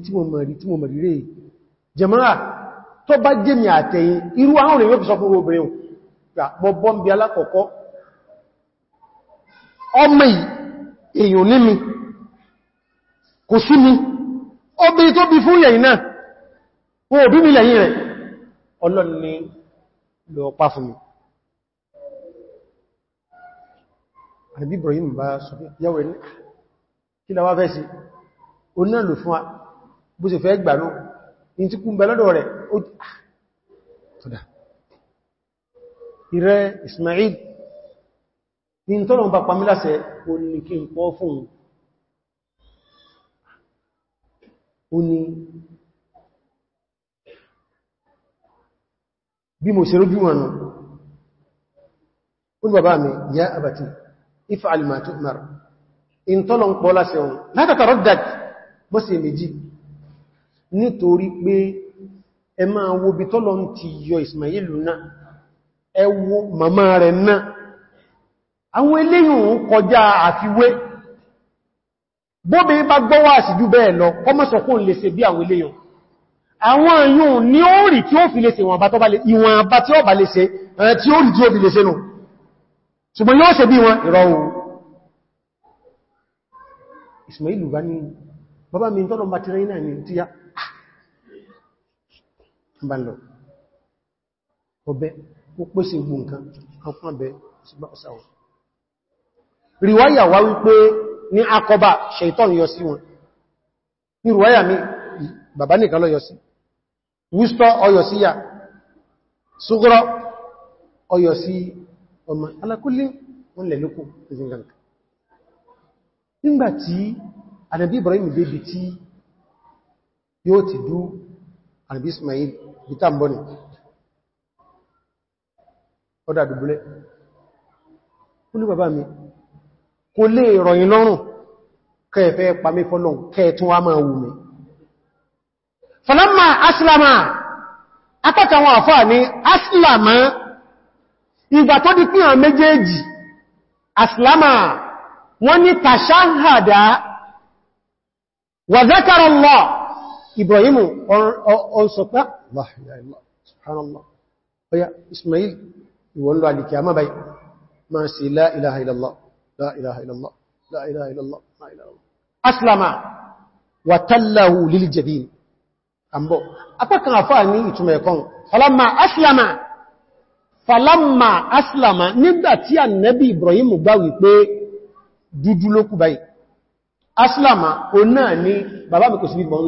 tí mo mọ̀ rí tí mo mọ̀ rí rẹ̀ jẹmọ́ra tó bá jẹ́ mi àtẹ̀yẹ irú àwọn òrìn yóò fi sọ fún obìnrin mọ́ bọ́m̀bí obìnrin tó bí fún yẹ̀yìn náà wọ́n òbí mi lẹ́yìn rẹ̀ ọlọ́run ni lọ pa fún mi àbí Ibrahim bá sọ yẹ́wẹ̀ ní kí lọ wá fẹ́ sí o náà lò fún wa bó sì fẹ́ gbà náà ní tí kú ń bẹ lọ́dọ̀ rẹ̀ ìrẹ́ ah, Ismail ní tọ́lọ̀ ń bá pàmílàṣẹ́ o ní kí pọ́ fún un ó ní bí mo ṣe rójú wọn ó ní bàbá mi yá àbàtì if'al ma in tọ́lọ ń pọ́ láṣẹ ohun látàtàrọ dàt bọ́ sí méjì nítorí pé ẹ máa wo bí tọ́lọ ń ti yọ Ismailu náà ẹ màmá rẹ̀ náà àwọn eléyìn kọjá àfiwé bóbi bá gbọ́wà sí jú bẹ́ẹ̀ lọ ọmọ sọkún lè ṣe bí àwọn iléyàn àwọn yóò ní ó rí tí ó fi lè ṣe ìwọ̀nba tí ó bá lè se, tí ó rí tí ó fi lè Se nù ṣùgbọ́n yóò se bí wọn ìrọ̀ ohun Ismailu bá ní bàbá mi tọ́lọ bá ti rẹ̀ náà ní tí ya bá lọ ọbẹ̀ ó pèsè gbò nǹkan ọkùn abẹ́ ní akọba ṣeìtọ́n yọ sí wọn ní ruwaya mi bàbá nìkan lọ yọ sí wústọ́ ọyọ̀ sí yà ṣúgbọ́rọ̀ ọyọ̀ sí ọmọ alákúlé wọn lè lókù ìzìnganka nígbàtí ànábì Ibrahim bèbè tí yóò ti dú ànábì Ismail bitamboni ọdá dùbúlẹ̀ mi kò lè rọ̀yìn lọ́rùn kẹfẹ́ pàmí fọ́lọ́n kẹtún wá máa wù mí falamma aslama akẹ́kẹ̀wọ̀n àfáà ní aslama ìgbà tó di pín àwọn méjèèjì aslama wọ́n ní tashahada wa zakara Allah Ibrahimu ọ̀sọ̀pá subhanallah ọya Ismail ìwọ̀n lọ alìkì àmàbáyì ma sí la ilaha illallah لا إله إلا الله لا إله إلا الله لا إله إلا الله أسلم وتله للجبين أمبو أتكن أفاني إتما يكون فلما أسلم فلما أسلم نبتي النبي إبراهيم gbáwì pé dúdú ló kù báyìí aslama o náà ni bàbá mi kò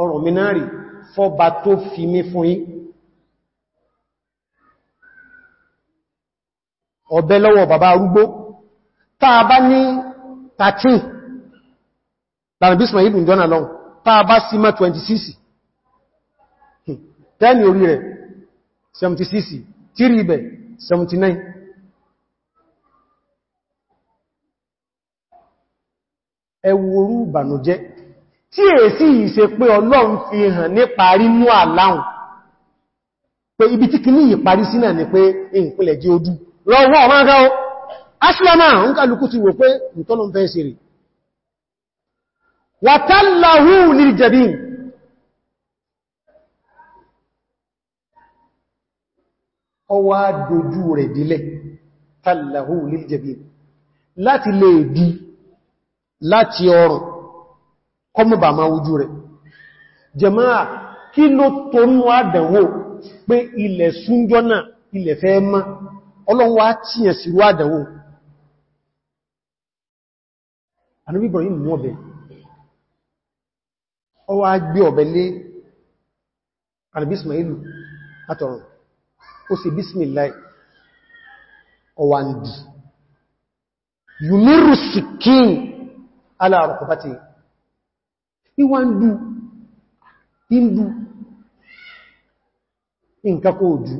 ọ̀rọ̀ mi náà rí fọba tó fi mí fún yín ọ̀bẹ lọ́wọ́ bàbá arúgbó táa bá ní 13 lára bí ismail ibn jona lọ́wọ́ táa bá sí má 26 tẹ́ni orí rẹ̀ 76 tírí ibẹ̀ 79 ẹwòrú ìbànújẹ́ tí èsì ìṣe pé ọlọ́run fi hàn nípa rínú àláhùn pé ibi tí kì ní ìparí sínà ni pé ìpìlẹ̀ jẹ́ ojú lọ́wọ́ ọmọ aṣílámà ń kàlùkù ti wò pé ìtọ́lọ̀ fẹ́ sí rí wàtàláhù lil jabin ọwá dojú rẹ̀ dílẹ̀ tàláhù lil jabin láti lè di láti ọrùn kọmọ̀bà máa wújú rẹ̀ jẹmáà kí ló tó ń pé ilẹ̀ súnjọ́ ilẹ̀ fẹ́ mọ́ ọlọ́wọ́ á tíyẹ̀ sí wádẹ̀wò àníbí Ibrahim mú ọ̀bẹ ọ wá gbé ọ̀bẹ lé àníbí Ismailu látọ̀rọ̀ ó sì bismillah ọwà ń dì yumiru sikin ala rukubati ìwà ń dù ń dù nǹkan kó jù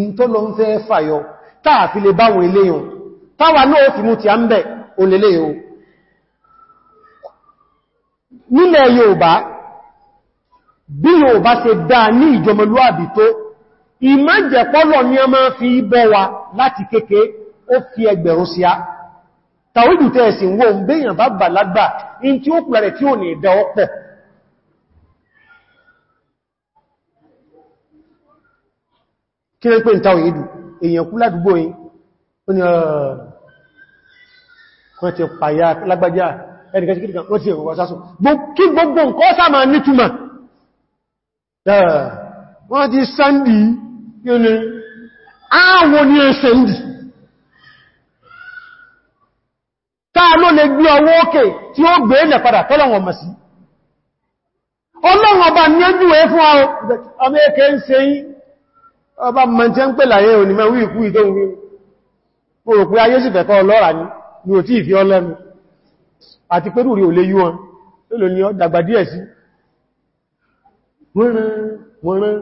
ń tọ́lọ ń fẹ́ fàyọ táà báwọn eléyàn táwà náà fi mú ti a ń bẹ̀ olèlé o nílẹ̀ Yorùbá bí Yorùbá ṣe dáa ní ìjọmọlúàbí tó ìmájẹ̀pọ́lọ̀ ní a máa fi bọ́ wa láti kéke ó fi ẹgbẹ̀rún sí a tàwídù tẹ́ẹ̀sì wọ́n ń béèyàn bá bà lágbà in tí ó pùlẹ̀ tí ò ní ẹ̀dẹ̀ ọpọ̀ kí lẹ́ pé ìtàwídù èèyàn kú ládùgbò yìí ó ní ọ̀rọ̀ wọ́n ti pàyà lágbàjá ẹnìkan sí kìrìkan wọ́n ti ẹ̀wọ̀ sásùn kí gbogbo nǹkan sáàmà nítùmà wọ́n ti sándì yóní àwọn ní ẹsẹ̀ndì táà ló lè gbé ọwọ́ òkè tí ó gbé ẹ̀nà padà tọ́lọ̀wọ̀n mọ̀ sí ọlọ́run ọba ní ẹjú ẹ fún ọmọ ẹkẹ ń se yí ọba mọ̀ tí ó ń pè láyé òní mẹ́wí ìkú ìdóhun wí mo rò pé ayé sì fẹ́kọ́ ọlọ́ra ní ní ò tí ìfi ọlẹ́nu àti pẹ́rù rí ò lè yí wọn lólo ni ọ dàgbà díẹ̀ sí wọ́nrán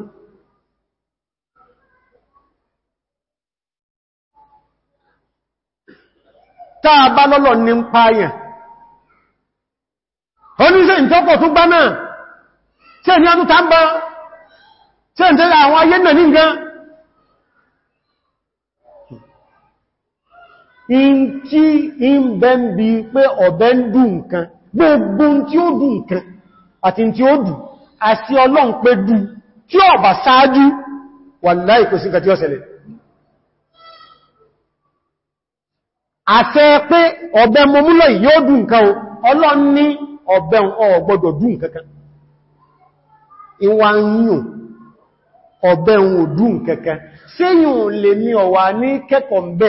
táà bá lọ́lọ́ ní ń pààyàn oníṣẹ́ ìtọ́pọ̀ tó gbá náà tí ẹni ọdún tàbá tí ń tẹ́lẹ̀ àwọn ayé náà ní nǹkan in tí in bẹ́ ń bí pé ọ̀bẹ ń dùn gbogbo tí ó dùn nǹkan àti tí ó dùn àti ọlọ́n pé dùn tí ó bà sáájú wàláhì kò sí nǹkan tí ó ṣẹlẹ̀ pé ọ̀bẹ mọmúlọ̀ yóò dùn nǹkan o ọlọ́n ní ọ̀bẹ ọ̀gbọ́dọ̀ dùn kankan ìwà kankan ní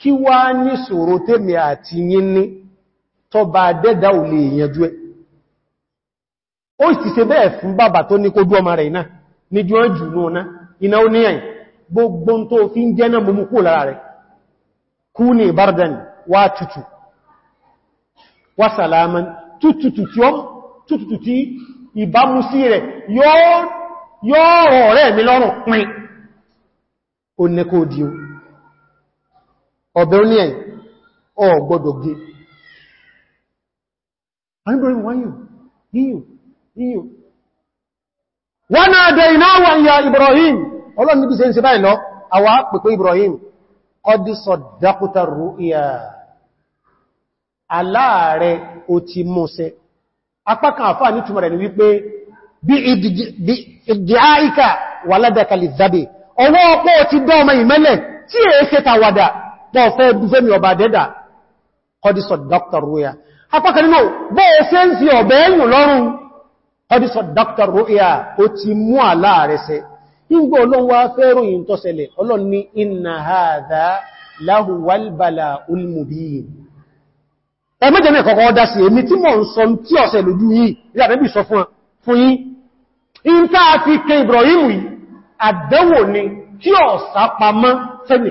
kí wá ní ṣòro tèmi àti yín ní tó bá dẹ́dà ò lè ó sì ṣe bẹ́ẹ̀ fún bàbá tó ní kójú ọmọ rẹ̀ iná ní náà iná ó gbogbo tó fi ń jẹ́nà mú kó lára rẹ̀ kú ní ìbárdàn wá tututu ọ̀bẹ̀ oní ẹ̀ ọ gbọ́dọ̀ gé àníbìnrin wáyìí yíyù yíyù wọ́n náà dẹ iná wà ń ya Ibrahim ọlọ́run báyìí lọ àwà pẹ̀pẹ̀ Ibrahim ọdí sọ̀dákútà rúíyà aláàrẹ ti mọ́sẹ ni èé ṣe tàwàdà pọ̀ fẹ́ dúfẹ́ mi ọba dẹ́dà kọdísọ̀ dr roya apákanínú bọ́ ẹsẹ́ ń fi ọ̀bẹ̀ ẹ̀yùn lọ́rùn kọdísọ̀ dr roya ó ti mú àláàrẹsẹ nígbà ọlọ́wà fẹ́ròyìn tó ṣẹlẹ̀ ọlọ́ni inna hadha lahuwal bala'ul mubin ẹmẹ́jẹ̀ mẹ́ kọ̀kọ́ ọdá sí èmi tí mọ̀ ń sọ tí ọ̀sẹ̀ lójú yìí ni kí ọ̀sá pamọ́ fẹ́mì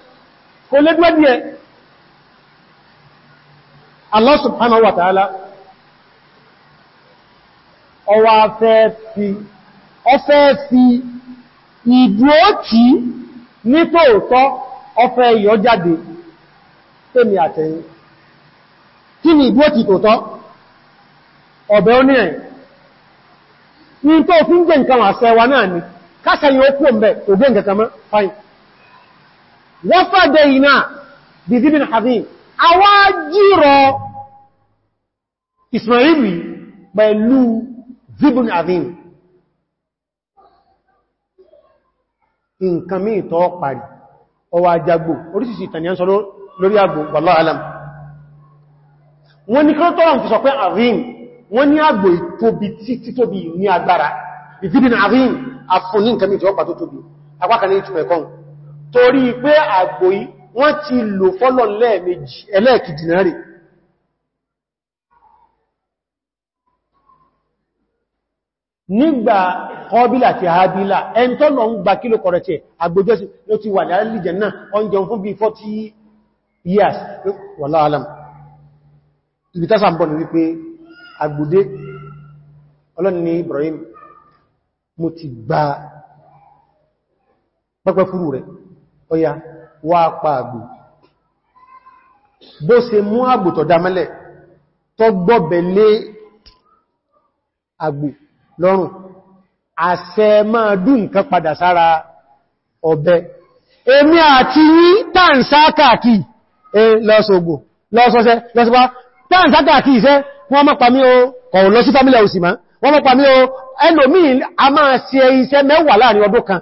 kò lè díẹ̀ Allah subhanahu wa ta'ala ọwà ọfẹ́ fi ìdúró tí ní tóòtọ́ ọfẹ́ yọ jáde tèmi àtẹ̀yìn kí ni ìdúró tí tóòtọ́ ọ̀bẹ̀ onírin ní tó fi ń jẹ nǹkan náà ni káṣẹ yóò kú ọmọ ògbé nǹkan kan mọ́ fáyìn wọ́fàdẹ̀ iná bìzíbìn hazin a wá jírọ ismaili pẹ̀lú zibin hazin nǹkan mí tọ́ parí ọwà ajagbò orísìsì ìtàniyàn sọ lórí agbò wallahu alam wọ́n ni kí lọ́tọ́rọ̀ fi sọ pé hazin wọ́n ní agbò ìtóbi títí tóbi ní agbára ìzíbìn hazin afúnní nǹkan mí tọ́ pàtó tóbi apákaní ìtumẹ̀kọ́nù torí pé àgbòyí wọ́n ti lò fọ́lọ̀ lẹ́ẹ̀mejì ẹlẹ́ẹ̀kìdìnárì nígbà kọbílà àti àábílà ẹn tó lọ ń gba kílò kọ̀rẹ̀tẹ̀ àgbòjọ́sí ló ti wà láàrín náà oúnjẹ fún bí 40 years wọ́lá alam ibi tásà ń bọ̀ ní wípé àgbòdé ọlọ́ni Ibrahim mo ti gba pẹ́pẹ́ fúrú rẹ̀ ọya wá pa àgbò bó ṣe mú àgbò tọ̀ dámẹ́lẹ̀ tọ́ gbọ́bẹ̀ lé àgbò lọ́rùn àṣẹ máa dùn nǹkan padà sára ọ̀bẹ èmi àti yí tàǹsákàkì lọ́sọ̀gbò lọ́sọ̀ṣẹ́ lọ́sọ̀pá tàǹsákàkì iṣẹ́ wọ́n mọ́ pàmí o kọ̀ọ̀ lọ sí fámílẹ̀ òsì máa wọ́n mọ́ pàmí o ẹlòmí a máa ṣe iṣẹ́ mẹ́wàá láàrin ọdún kan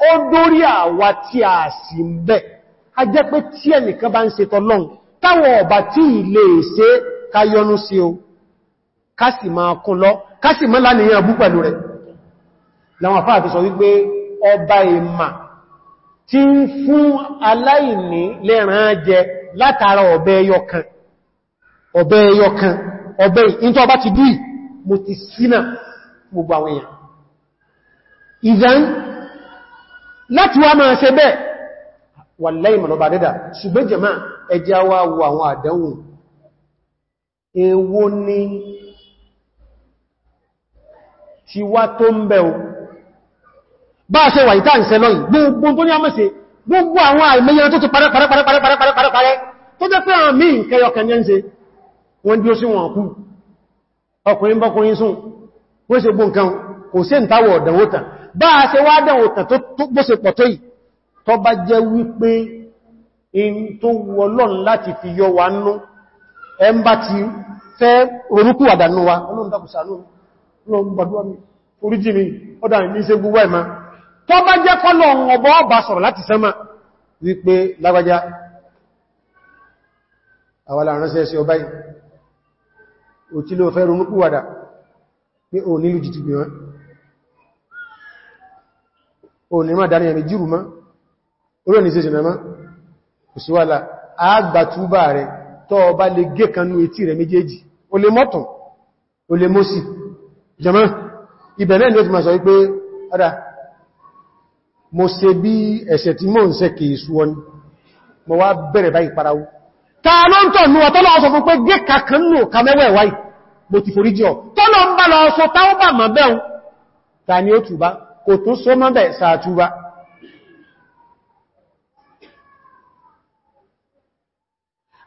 ó dórí àwa tí a sì ń bẹ̀ a jẹ́ pé tí ẹnìkan bá ń ṣe tọ́lọ́n táwọn ọba tí ilé ṣe ká yọnú sí o ká sì máa kún lọ ká sì mọ́ láníyàn bú pẹ̀lú rẹ̀ láwọn àfáà sọ ọba ìmà ti ń fún aláìní jẹ látara ìntọ́ ọba mo ti sínà gbogbo àwọn èèyàn láti wá máa ṣe bẹ́ẹ̀ wà lẹ́yìn mọ̀lọ́bà dẹ́dà ṣùgbọ́n jẹ̀má ẹjá wá wo àwọn àdánwò èwo ni ti wá tó ń bẹ̀ o bá ṣe wà ìta ìṣẹ́ lọ́yìn gbogbo tó ní a mẹ́sẹ̀ gbogbo àwọn àìmẹ́yẹn tó ti parẹ́parẹ́parẹ́parẹ́parẹ́ tó jẹ́ pé àwọn bá a ṣe wá dẹ̀wò tàn tó gbóṣe pọ̀ yìí tó bá jẹ́ wípé in tó wọlọ́n láti fi yọ wa nú bá ti fẹ́ orúkú àdánú wa ọlọ́run dákùsànú ọlọ́run gbàdúwà mi oríjì ọdá ní ṣe gbogbo ẹ̀má tó bá jẹ́ onímọ̀ dáníyà ní jírù mọ́ orí ẹni ṣeṣe mẹ́mọ́ kò sí wàlá àgbàtúbà rẹ̀ tọ́ ọba lè gé kanú etí rẹ̀ méjèèjì o lè mọ́tàn o lè mọ́sí jẹmọ́ ibẹ̀rẹ̀ ni ó ti máa sọ wípé ọ́dá mo ṣe bí ẹ̀ṣẹ̀ tí mò ń ṣe kìí sú wọn mo wá bẹ̀rẹ̀ báyìí kò tún só mọ́bẹ̀ ba.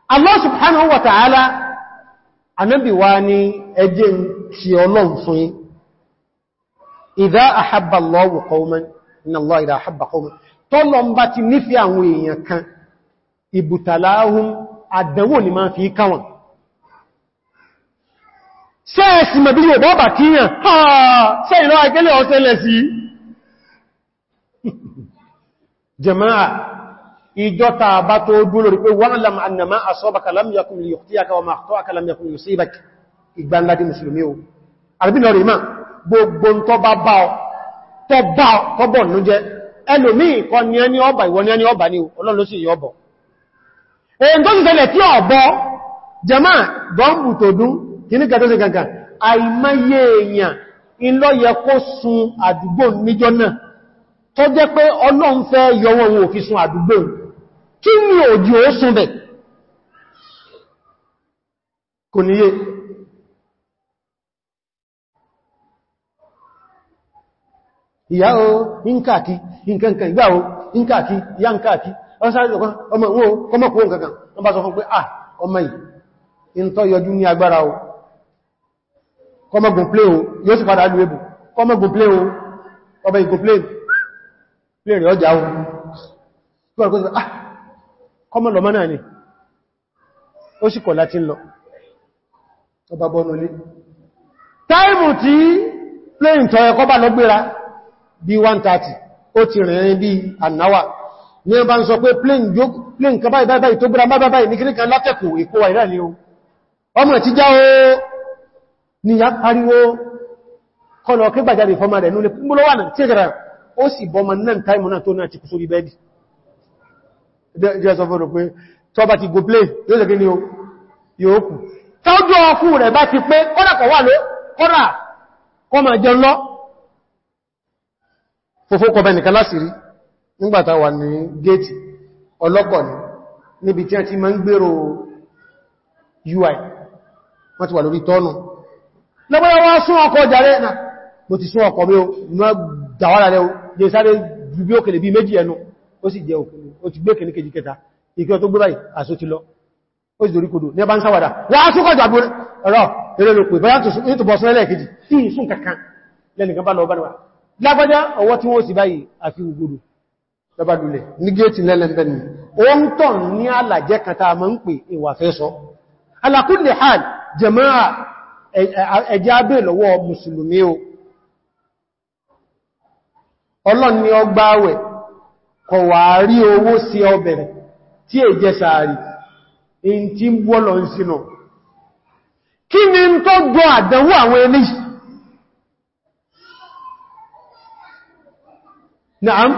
Allah subhanahu wa ta'ala Anabi wa ni ẹjẹ́ ọlọ́run fún yí ahabba inna ahabba ti nífẹ́ àwọn èèyàn kan ìbùtàláhùn ni máa fi káwọn sẹ́ẹ̀sì jama'a ìjọta bá t'o dúró rí pé wọ́n lam a asọ́baka lam yakun lè yọ̀tí aka wa maktọ́ aka lam yakun yóò sí musulmi o àrùbínà rí máa gbogbo tó bá bá ọ tó bá ọ bọ̀ nú jẹ́ ẹlòmí kọ́ ní ẹni ọba ìwọ ní ẹni ọba ní ọlọ́run ló sì yọ jama'a tó jẹ́ pé ọlọ́run fẹ́ yọwọ́ wọn òfin sun àdúgbò kí ni òjò ó sun bẹ̀ kò níye ìyá o ìǹkàkí ìǹkankan ìgbà o ìǹkàkí ìyá ìǹkàkí ọmọ ìwọ̀n kọmọkùnrin kankan wọ́n bá sọ fún pé ah ọmọ yìí ìntọ́ yọjú ní agbára o kọmọgùn plé o yóò sì padà lú ebù kọmọgùn plé o ọmọ ìgùn plé lè rìn ọjà ohun ah, kọmọ lọ mọ́nà ni ó sì kọ̀ láti lọ ọba bọ́nà olé táìmù tí plane tọ́ ẹ̀kọ́ bá lọ gbéra bí 130 ó ti rìn bí ànáwà ní ẹba ń sọ pé plane kan báyìí báyìí tó gbéra báyìí báyìí ní kiri kan látẹ̀kù èkó àìrà ni o ọmọ ti já o ni ya pariwo kọlọ̀ kí gbàjáde fọ́mà rẹ̀ nílé ó sì bọ́mọ náà táìmù náà tó náà ti kú sórí bẹ́ẹ̀dì jẹ́sọ fọ́nà pé bá ti go play yóò kù tọ́jú rẹ̀ bá ti pé kọ́nà ló kọ́nà lọ fòfó kọbẹ̀ nìkan nígbàtà ui wọ́n ti wà lórí tọ́nù lọ́gbọ́n sún ọkọ̀ jàrẹ́ náà mo ti lè sáré ju bí òkèlè bí méjì ẹnu ó sì jẹ òkèlè ó ti gbé kèlè kejì kẹta ìkẹ́ tó gbé báyìí àṣó ti lọ ó sì dorí kodò ní ẹbá ń sáwàdà wà á súnkọ̀ jàgbó ẹ̀rọ eré ló pè bọ́yá tó bọ̀ sọ́lẹ̀ kejì tí ì sún kankan lẹ́nìkan ni ó ń tọ̀ ní alàjẹ́ hal jàmáà ẹjá bèè lọ́wọ́ mùsùlùmí o ọlọ́n ni ọgbà àwẹ̀ kọ̀ wà rí owó sí ọbẹ̀rẹ̀ tí è jẹ sàárì in tí ń bú ọlọ́n kí ni ń tó gbọ́ àdánwò àwọn ẹni naam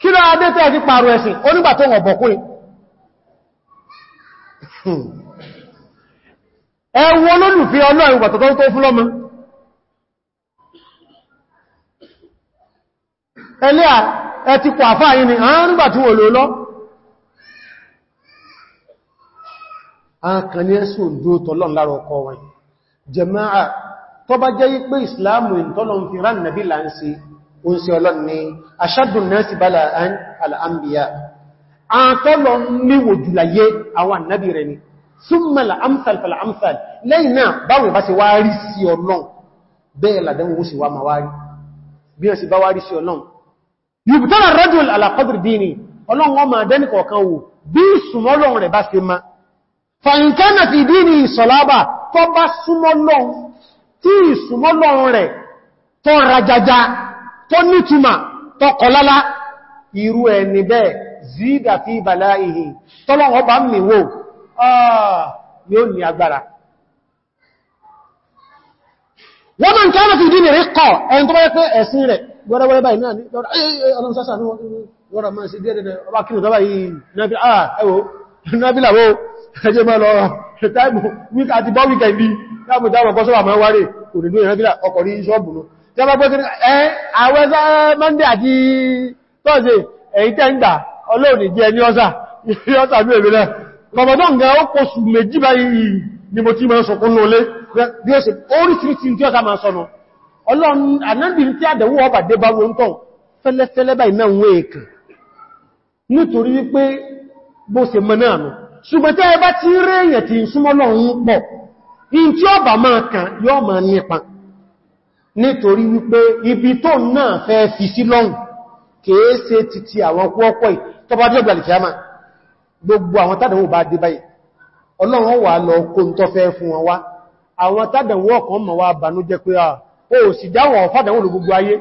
kí lọ adé tẹ́ ti pààrọ̀ ẹ̀sìn onígbà tó wọ̀n ọlọ́ ẹlẹ́ ẹ̀tí kò àfáà yìí ni a ń gbà tí wọ́n lò lọ àkànní ẹ̀sùn òdó tọ́lọ́n lára ọkọ wọn jẹmáà tó bá jẹ́ pé ìsìláàmù ìtọ́lọ́n fi rán nàbí láǹsí oúnṣẹ́ ọlọ́n ni aṣádùn náà sì bá al'ambiya àtọ́lọ́n níwò jùlayé àwọn nàbí rẹ̀ ni súnmọ̀lá amsal fal'amsal lẹ́yìn bí wọ́n bá wá rí sí ọlọ́n yùbùtọ́nà rọ́jùl alàkọ́dùrù dínì ọlọ́run ọmọ adẹ́nìkọ̀ kan wò bí ìsùnmọ́lọ́run rẹ̀ bá ṣe ma fàyínkánà ti dínì ìsọ̀lábà tó bá súnmọ́lọ́run tí ìsùnmọ́lọ́run rẹ̀ tó rajaja tó nítùmà tó kọlálá irú ẹni bẹ́ẹ̀ zídà fi bàlá ihe tọ́lọ́run ọba mìíwò ah, yóò wẹ́rẹ́wẹ́rẹ́ báyìí náà ní ọlọ́sásà ní wọ́n máa sí díẹ̀dẹ̀ ọba kí ìjọba yìí náàbílà ah, wó ẹjẹ́ mọ́ lọ ṣẹ̀tàìmù wíkà àti bọ́ wíkẹ̀ndì láàmùdáwọ̀ kọ́sọ́wà máa wárẹ̀ òdìdó ìrẹ́bílà ọkọ̀ ní ṣọ́ọ̀bù lọ jẹba pọ́ sí ẹ́ àwẹ́sá mọ́ndé àti tọ́ọ̀sẹ̀ èyí tẹ́ ń gbà ọlọ́ọ̀dì jẹ́ ní ọ́sà ní ọ́sà ní èmì náà rọmọdán gan ó pọ̀sù méjì báyìí ni mo ti máa sọkún lólé orísìírísìí tí ọ́sà máa sọ́nà ọlọ́run ànábì tí àdẹ̀wò ọba dé bá wọn tán fẹ́lẹ́fẹ́lẹ́ báyìí mẹ́wọ́n èkì nítorí wípé bó ṣe mọ́ náà nù ṣùgbọ́n tí ẹ bá ti rí èyàn tí ń súnmọ́ lọ́run titi àwọn pọ́pọ́ tó bá dé gbàlì kíámà gbogbo àwọn tádàwò bá dé báyìí ọlọ́run wà lọ kó ń tọ́fẹ́ fún wọn wá àwọn tádàwò ọkàn mọ̀ wá banújẹ́ pé àà ah, o si dáwọn ọ̀fádàwọn olùgbogbo ayé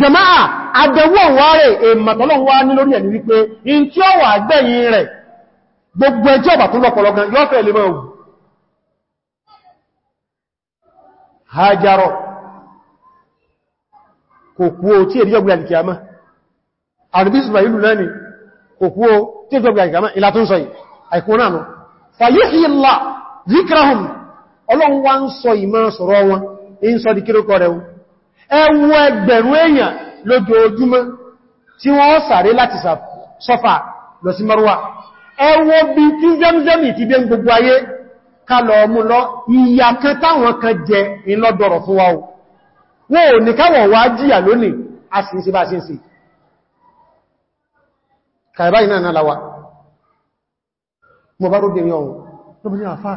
jẹmáà àdẹ̀wò wárẹ̀ èmàtọ́lọ́ wá ní lórí wípé in tí ó wà gbẹ̀yìn rẹ̀ gbogbo ẹjọ́ bà tó lọ́pọ̀lọ́gan lọ́fẹ́ lè mọ́ hajarọ̀ kò o tí èrí ọgbẹ̀ alìkìyàmá àrùbísùmà ìlú lẹ́ni kò kú o tí èrí ọgbẹ̀ ìlà tó ń sọ yìí ọlọ́run wá ń sọ ìmọ̀ sọ̀rọ̀ wọn in sọ di kírókọ rẹ̀ ẹwọ ẹgbẹ̀rún èèyàn lójoojúmọ́ tí wọ́n sàré láti sọfà lọ sí marwa ẹwọ bí tí zẹ́mzẹ́mì ti bẹ́ gbogbo ayé kalọ̀ ọmú lọ wa wọ́n ò ní káwọ̀ wá jíyà lónìí a sì ń ṣe bá sí kàìbáyìí náà náà láwá mo bá rógbè ní ọ̀hún lóbi ní àfáà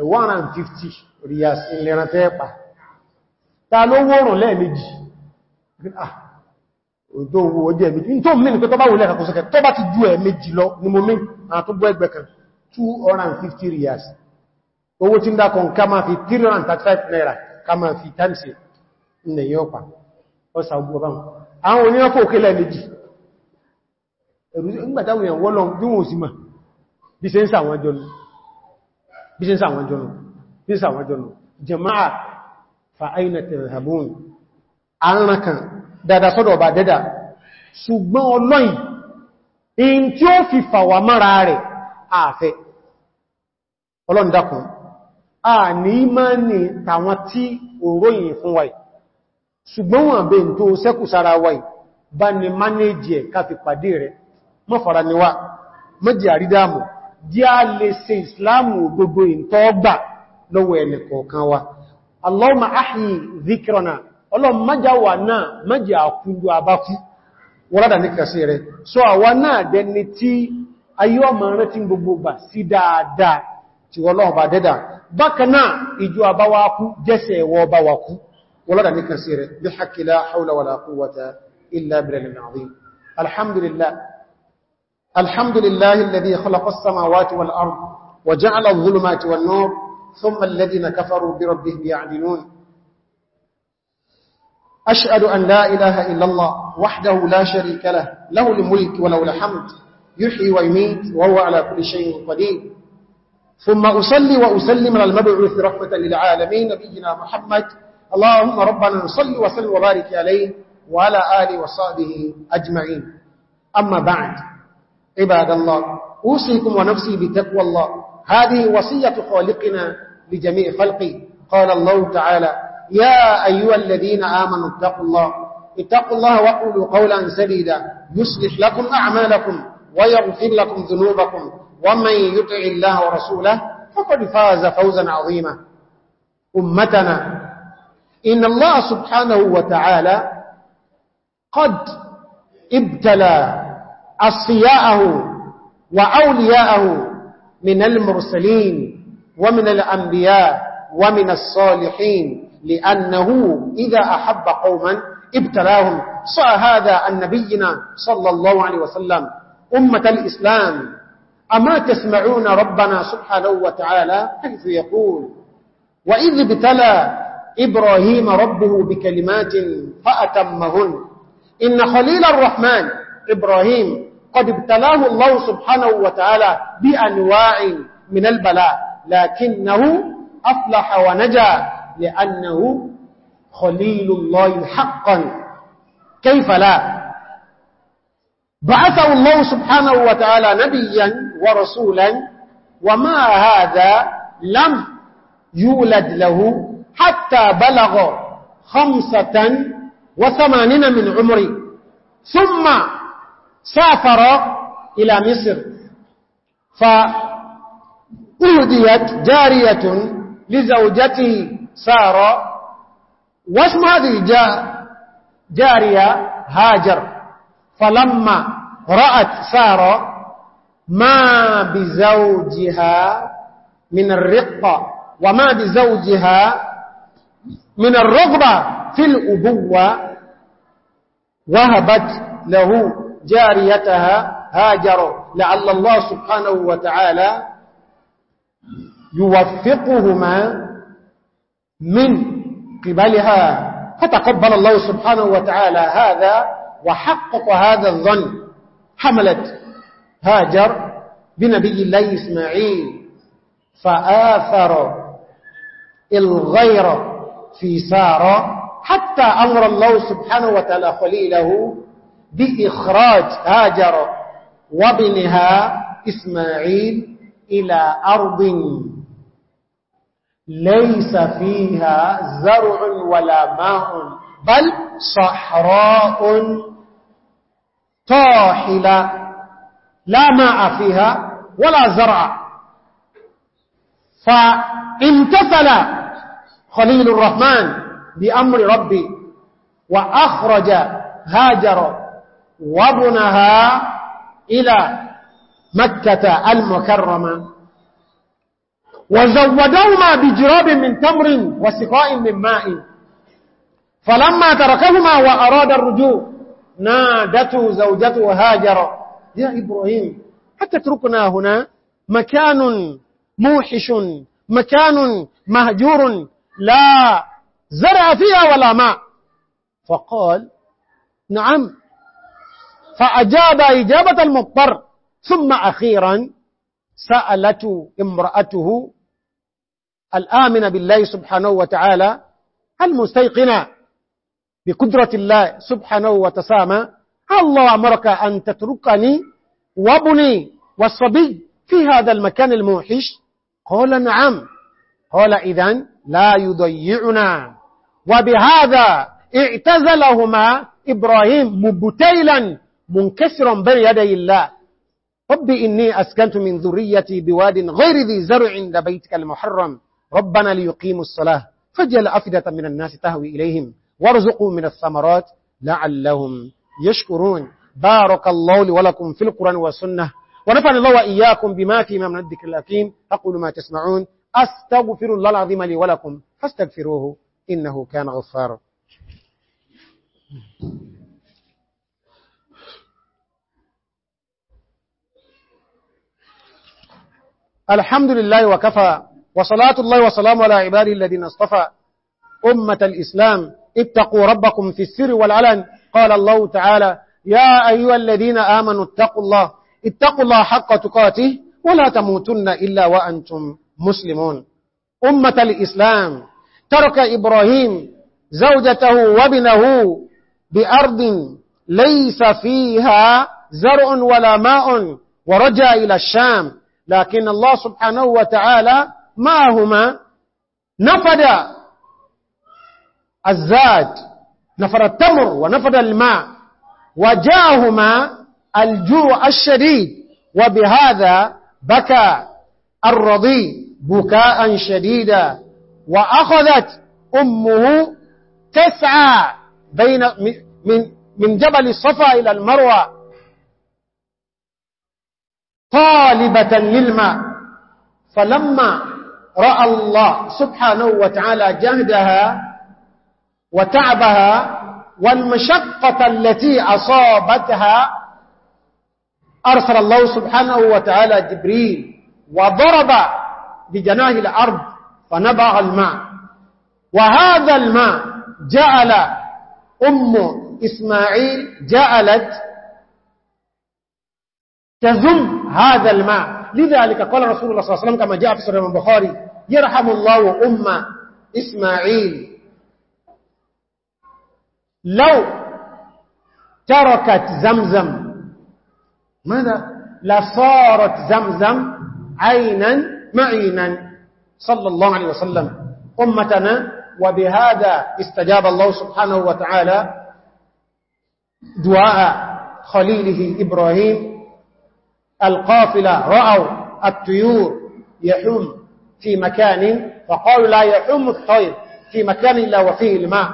150 eh, riyas ìlera tẹ́ẹ̀pà ta ló wọ́rùn lẹ́ẹ̀mejì ah, tó wo ojú ẹ̀mí tó mìí pé tó bá wò lẹ́ẹ̀kà kò sẹ́kẹ̀ tó bá ti ju ẹ̀mejì lọ ni mo mìí àtúgbọ́ ẹgbẹ̀ kan 250 riyas owó tí ń dákọ̀ ká máa fi 335 naira ká máa fi táìsì ilẹ̀ yọ́pa ọsà ogun ọba àwọn oníyànkò òkè lẹ́ẹ̀mejì ẹ̀rù nígbàtàwò ìyànwọ́ lọ bí wọn ò sí mà bí se ń sàwọn jọ lọ bí sí sáwọn jọnù bí sí sáwọn jọnù jama'a fa aina tadhhabun aránkan dada sọ́dọ̀ ọba dẹ́dà ṣùgbọ́n ọlọ́yìn in tí ó fi fàwà mara rẹ̀ àfẹ́ ọlọ́ndakùn a ní máa ní tàwọn tí òróyìn fún wáyìí ṣùgbọ́n wọn bẹ tó mọ́jì àrídàmù jí a lè ṣe ìsìláàmù gbogbo ìntọ́gbà lọ́wọ́ ẹni kọ̀ọ̀kan wa Allahumma ahyi dhikrana ọlọ́run májá wà náà májá àkúndú abákú wọ́ládà ní kàṣí rẹ̀ so àwa náà dẹni tí ayé ọmọ rẹ̀ tí gbogbo bà sí dáadáa tí wọ́lọ́ọ̀bà dẹ́dà bákanáà ìjọ àbáwákú jẹ́sẹ̀ ẹ̀wọ́ ọbáwákú wọ́ládà ní kàṣí rẹ̀ bí hakila الحمد لله الذي خلق السماوات والأرض وجعل الظلمات والنور ثم الذين كفروا بربهم يعدلون أشهد أن لا إله إلا الله وحده لا شريك له له الملك ولو الحمد يحيي ويميت وهو على كل شيء قدير ثم أصلي وأسلم على المبعوث رحمة للعالمين نبينا محمد اللهم ربنا نصلي وسلم وبارك عليه وعلى آله وصحبه أجمعين أما بعد عباد الله أوصيكم ونفسي بتقوى الله هذه وصية خالقنا لجميع خلقه قال الله تعالى يا أيها الذين آمنوا اتقوا الله اتقوا الله وقولوا قولا سديدا يصلح لكم أعمالكم ويغفر لكم ذنوبكم ومن يطع الله ورسوله فقد فاز فوزا عظيما أمتنا إن الله سبحانه وتعالى قد ابتلى أصفياءه وأولياءه من المرسلين ومن الأنبياء ومن الصالحين لأنه إذا أحب قوما ابتلاهم صع هذا عن نبينا صلى الله عليه وسلم أمة الإسلام أما تسمعون ربنا سبحانه وتعالى حيث يقول وإذ ابتلى إبراهيم ربه بكلمات فأتمهن إن خليل الرحمن إبراهيم قد ابتلاه الله سبحانه وتعالى بأنواع من البلاء لكنه أفلح ونجا لأنه خليل الله حقا كيف لا بعثه الله سبحانه وتعالى نبيا ورسولا وما هذا لم يولد له حتى بلغ خمسة وثمانين من عمره ثم سافر إلى مصر فأهديت جارية لزوجته سارة واسم هذه جارية هاجر فلما رأت سارة ما بزوجها من الرقة وما بزوجها من الرغبة في الأبوة وهبت له جاريتها هاجر لعل الله سبحانه وتعالى يوفقهما من قبلها فتقبل الله سبحانه وتعالى هذا وحقق هذا الظن حملت هاجر بنبي الله إسماعيل فآثر الغير في سارة حتى أمر الله سبحانه وتعالى خليله بإخراج هاجر وابنها إسماعيل إلى أرض ليس فيها زرع ولا ماء بل صحراء طاحلة لا ماء فيها ولا زرع فامتثل خليل الرحمن بأمر ربي وأخرج هاجر وابنها إلى مكة المكرمة وزودوما بجراب من تمر وسقاء من ماء فلما تركهما وأراد الرجوع نادته زوجته هاجر يا إبراهيم حتى تركنا هنا مكان موحش مكان مهجور لا زرع فيها ولا ماء فقال نعم فأجاب إجابة المضطر ثم أخيرا سألته امرأته الآمنة بالله سبحانه وتعالى المستيقنة بقدرة الله سبحانه وتسامى الله أمرك أن تتركني وابني والصبي في هذا المكان الموحش قال نعم قال إذن لا يضيعنا وبهذا اعتزلهما إبراهيم مبتيلا منكسرا بين يدي الله رب إني أسكنت من ذريتي بواد غير ذي زرع عند بيتك المحرم ربنا ليقيموا الصلاة فجل أفدة من الناس تهوي إليهم وارزقوا من الثمرات لعلهم يشكرون بارك الله ولكم في القرآن والسنة ونفعل الله وإياكم بما فيما من الذكر الأكيم أقول ما تسمعون أستغفر الله العظيم لي ولكم فاستغفروه إنه كان غفارا الحمد لله وكفى وصلاة الله وسلام على عباده الذين اصطفى أمة الإسلام اتقوا ربكم في السر والعلن قال الله تعالى يا أيها الذين آمنوا اتقوا الله اتقوا الله حق تقاته ولا تموتن إلا وأنتم مسلمون أمة الإسلام ترك إبراهيم زوجته وابنه بأرض ليس فيها زرع ولا ماء ورجع إلى الشام لكن الله سبحانه وتعالى معهما نفد الزاد نفد التمر ونفد الماء وجاءهما الجوع الشديد وبهذا بكى الرضي بكاء شديدا وأخذت أمه تسعى بين من من جبل الصفا إلى المروى طالبة للماء فلما رأى الله سبحانه وتعالى جهدها وتعبها والمشقة التي أصابتها أرسل الله سبحانه وتعالى جبريل وضرب بجناه الأرض فنبع الماء وهذا الماء جعل أم إسماعيل جعلت تزم هذا الماء لذلك قال رسول الله صلى الله عليه وسلم كما جاء في سورة البخاري يرحم الله أمة إسماعيل لو تركت زمزم ماذا لصارت زمزم عينا معينا صلى الله عليه وسلم أمتنا وبهذا استجاب الله سبحانه وتعالى دعاء خليله إبراهيم القافلة رأوا الطيور يحوم في مكان فقالوا لا يحوم الطير في مكان إلا وفيه الماء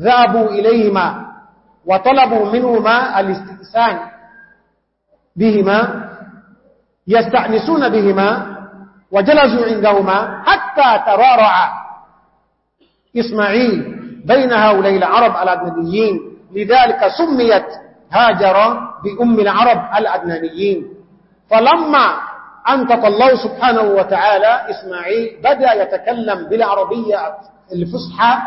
ذهبوا إليهما وطلبوا منهما الاستئسان بهما يستأنسون بهما وجلسوا عندهما حتى ترارع إسماعيل بين هؤلاء العرب الأدنانيين لذلك سميت هاجر بأم العرب الأدنانيين فلما أنطق الله سبحانه وتعالى إسماعيل بدأ يتكلم بالعربية الفصحى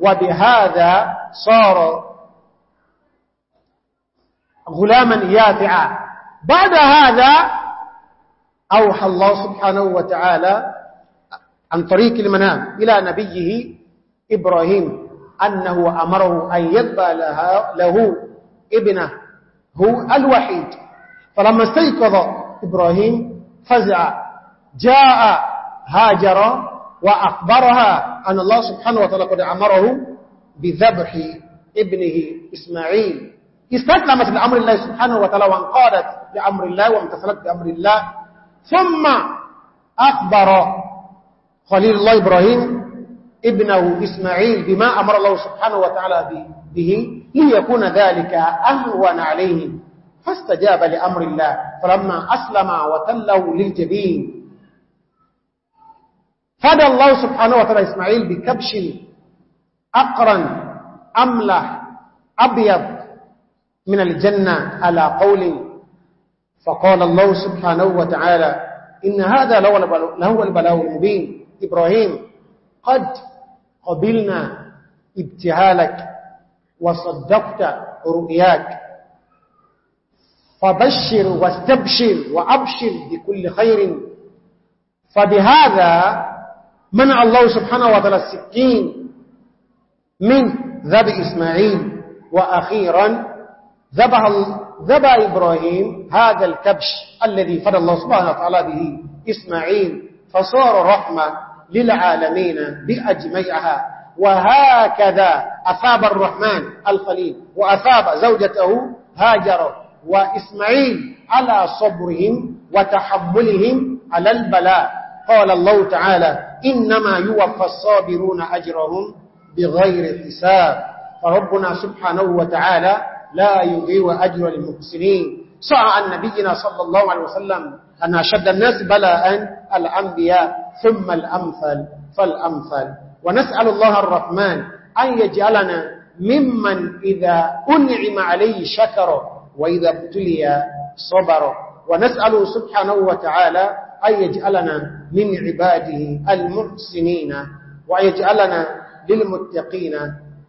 وبهذا صار غلاما ياتعا بعد هذا أوحى الله سبحانه وتعالى عن طريق المنام إلى نبيه إبراهيم أنه أمره أن يدبى له ابنه هو الوحيد فلما استيقظ إبراهيم فزع جاء هاجر وأخبرها أن الله سبحانه وتعالى قد أمره بذبح ابنه إسماعيل استسلمت لأمر الله سبحانه وتعالى وانقادت لأمر الله وامتثلت بأمر الله ثم أخبر خليل الله إبراهيم ابنه إسماعيل بما أمر الله سبحانه وتعالى به ليكون ذلك أهون عليهم فاستجاب لأمر الله فلما أسلم وتلوا للجبين فدى الله سبحانه وتعالى إسماعيل بكبش أقرا أملح أبيض من الجنة على قول فقال الله سبحانه وتعالى إن هذا لهو البلاء المبين إبراهيم قد قبلنا ابتهالك وصدقت رؤياك فبشر واستبشر وأبشر بكل خير فبهذا منع الله سبحانه وتعالى السكين من ذب إسماعيل وأخيرا ذبح ذبح إبراهيم هذا الكبش الذي فدى الله سبحانه وتعالى به إسماعيل فصار رحمة للعالمين بأجمعها وهكذا أثاب الرحمن الخليل وأثاب زوجته هاجر وإسماعيل على صبرهم وتحملهم على البلاء قال الله تعالى إنما يوفى الصابرون أجرهم بغير حساب فربنا سبحانه وتعالى لا يغي أجر المحسنين سعى عن نبينا صلى الله عليه وسلم أن أشد الناس بلاء الأنبياء ثم الأمثل فالأمثل ونسأل الله الرحمن أن يجعلنا ممن إذا أنعم عليه شكره وإذا ابتلي صبر ونسأل سبحانه وتعالى أن يجعلنا من عباده المحسنين وأن يجعلنا للمتقين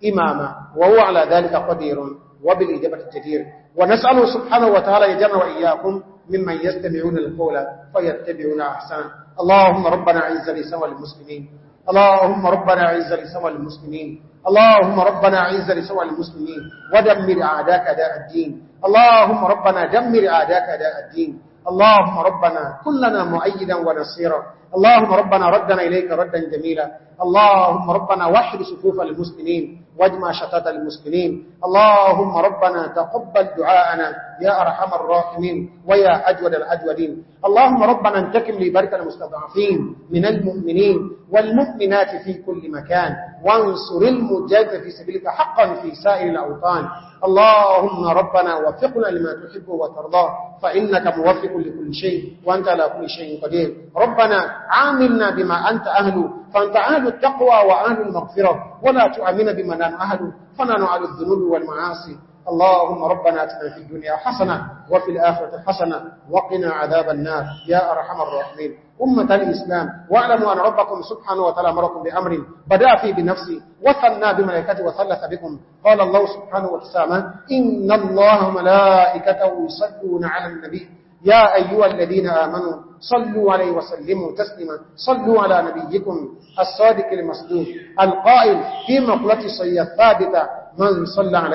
إماما وهو على ذلك قدير وبالإجابة التدير ونسأل سبحانه وتعالى يجعلنا وإياكم ممن يستمعون القول فيتبعون أحسن اللهم ربنا عز لسوى المسلمين اللهم ربنا عز لسوى المسلمين اللهم ربنا عز لسوء المسلمين ودمر أعداك أداء الدين اللهم ربنا دمر أعداك أداء الدين اللهم ربنا كلنا مؤيدا ونصيرا اللهم ربنا ردنا إليك ردا جميلا اللهم ربنا وحد صفوف المسلمين واجمع شتات المسلمين اللهم ربنا تقبل دعاءنا يا أرحم الراحمين ويا أجود الأجودين اللهم ربنا انتكم لبركة المستضعفين من المؤمنين والمؤمنات في كل مكان وانصر المجاد في سبيلك حقا في سائر الأوطان اللهم ربنا وفقنا لما تحب وترضى فإنك موفق لكل شيء وأنت على كل شيء قدير ربنا عاملنا بما أنت أهل فأنت أهل التقوى وأهل المغفرة ولا تؤمن بما نحن أهل فننعل الذنوب والمعاصي اللهم ربنا اتنا في الدنيا حسنة وفي الآخرة حسنة وقنا عذاب النار يا أرحم الراحمين أمة الإسلام واعلموا أن ربكم سبحانه وتعالى أمركم بأمر بدأ في بنفسي وثنى بملائكته وثلث بكم قال الله سبحانه وتعالى إن الله ملائكته يصلون على النبي يا أيها الذين آمنوا صلوا عليه وسلموا تسلما صلوا على نبيكم الصادق المصدوق القائل في مقلة صيّة ثابتة من صلى عليه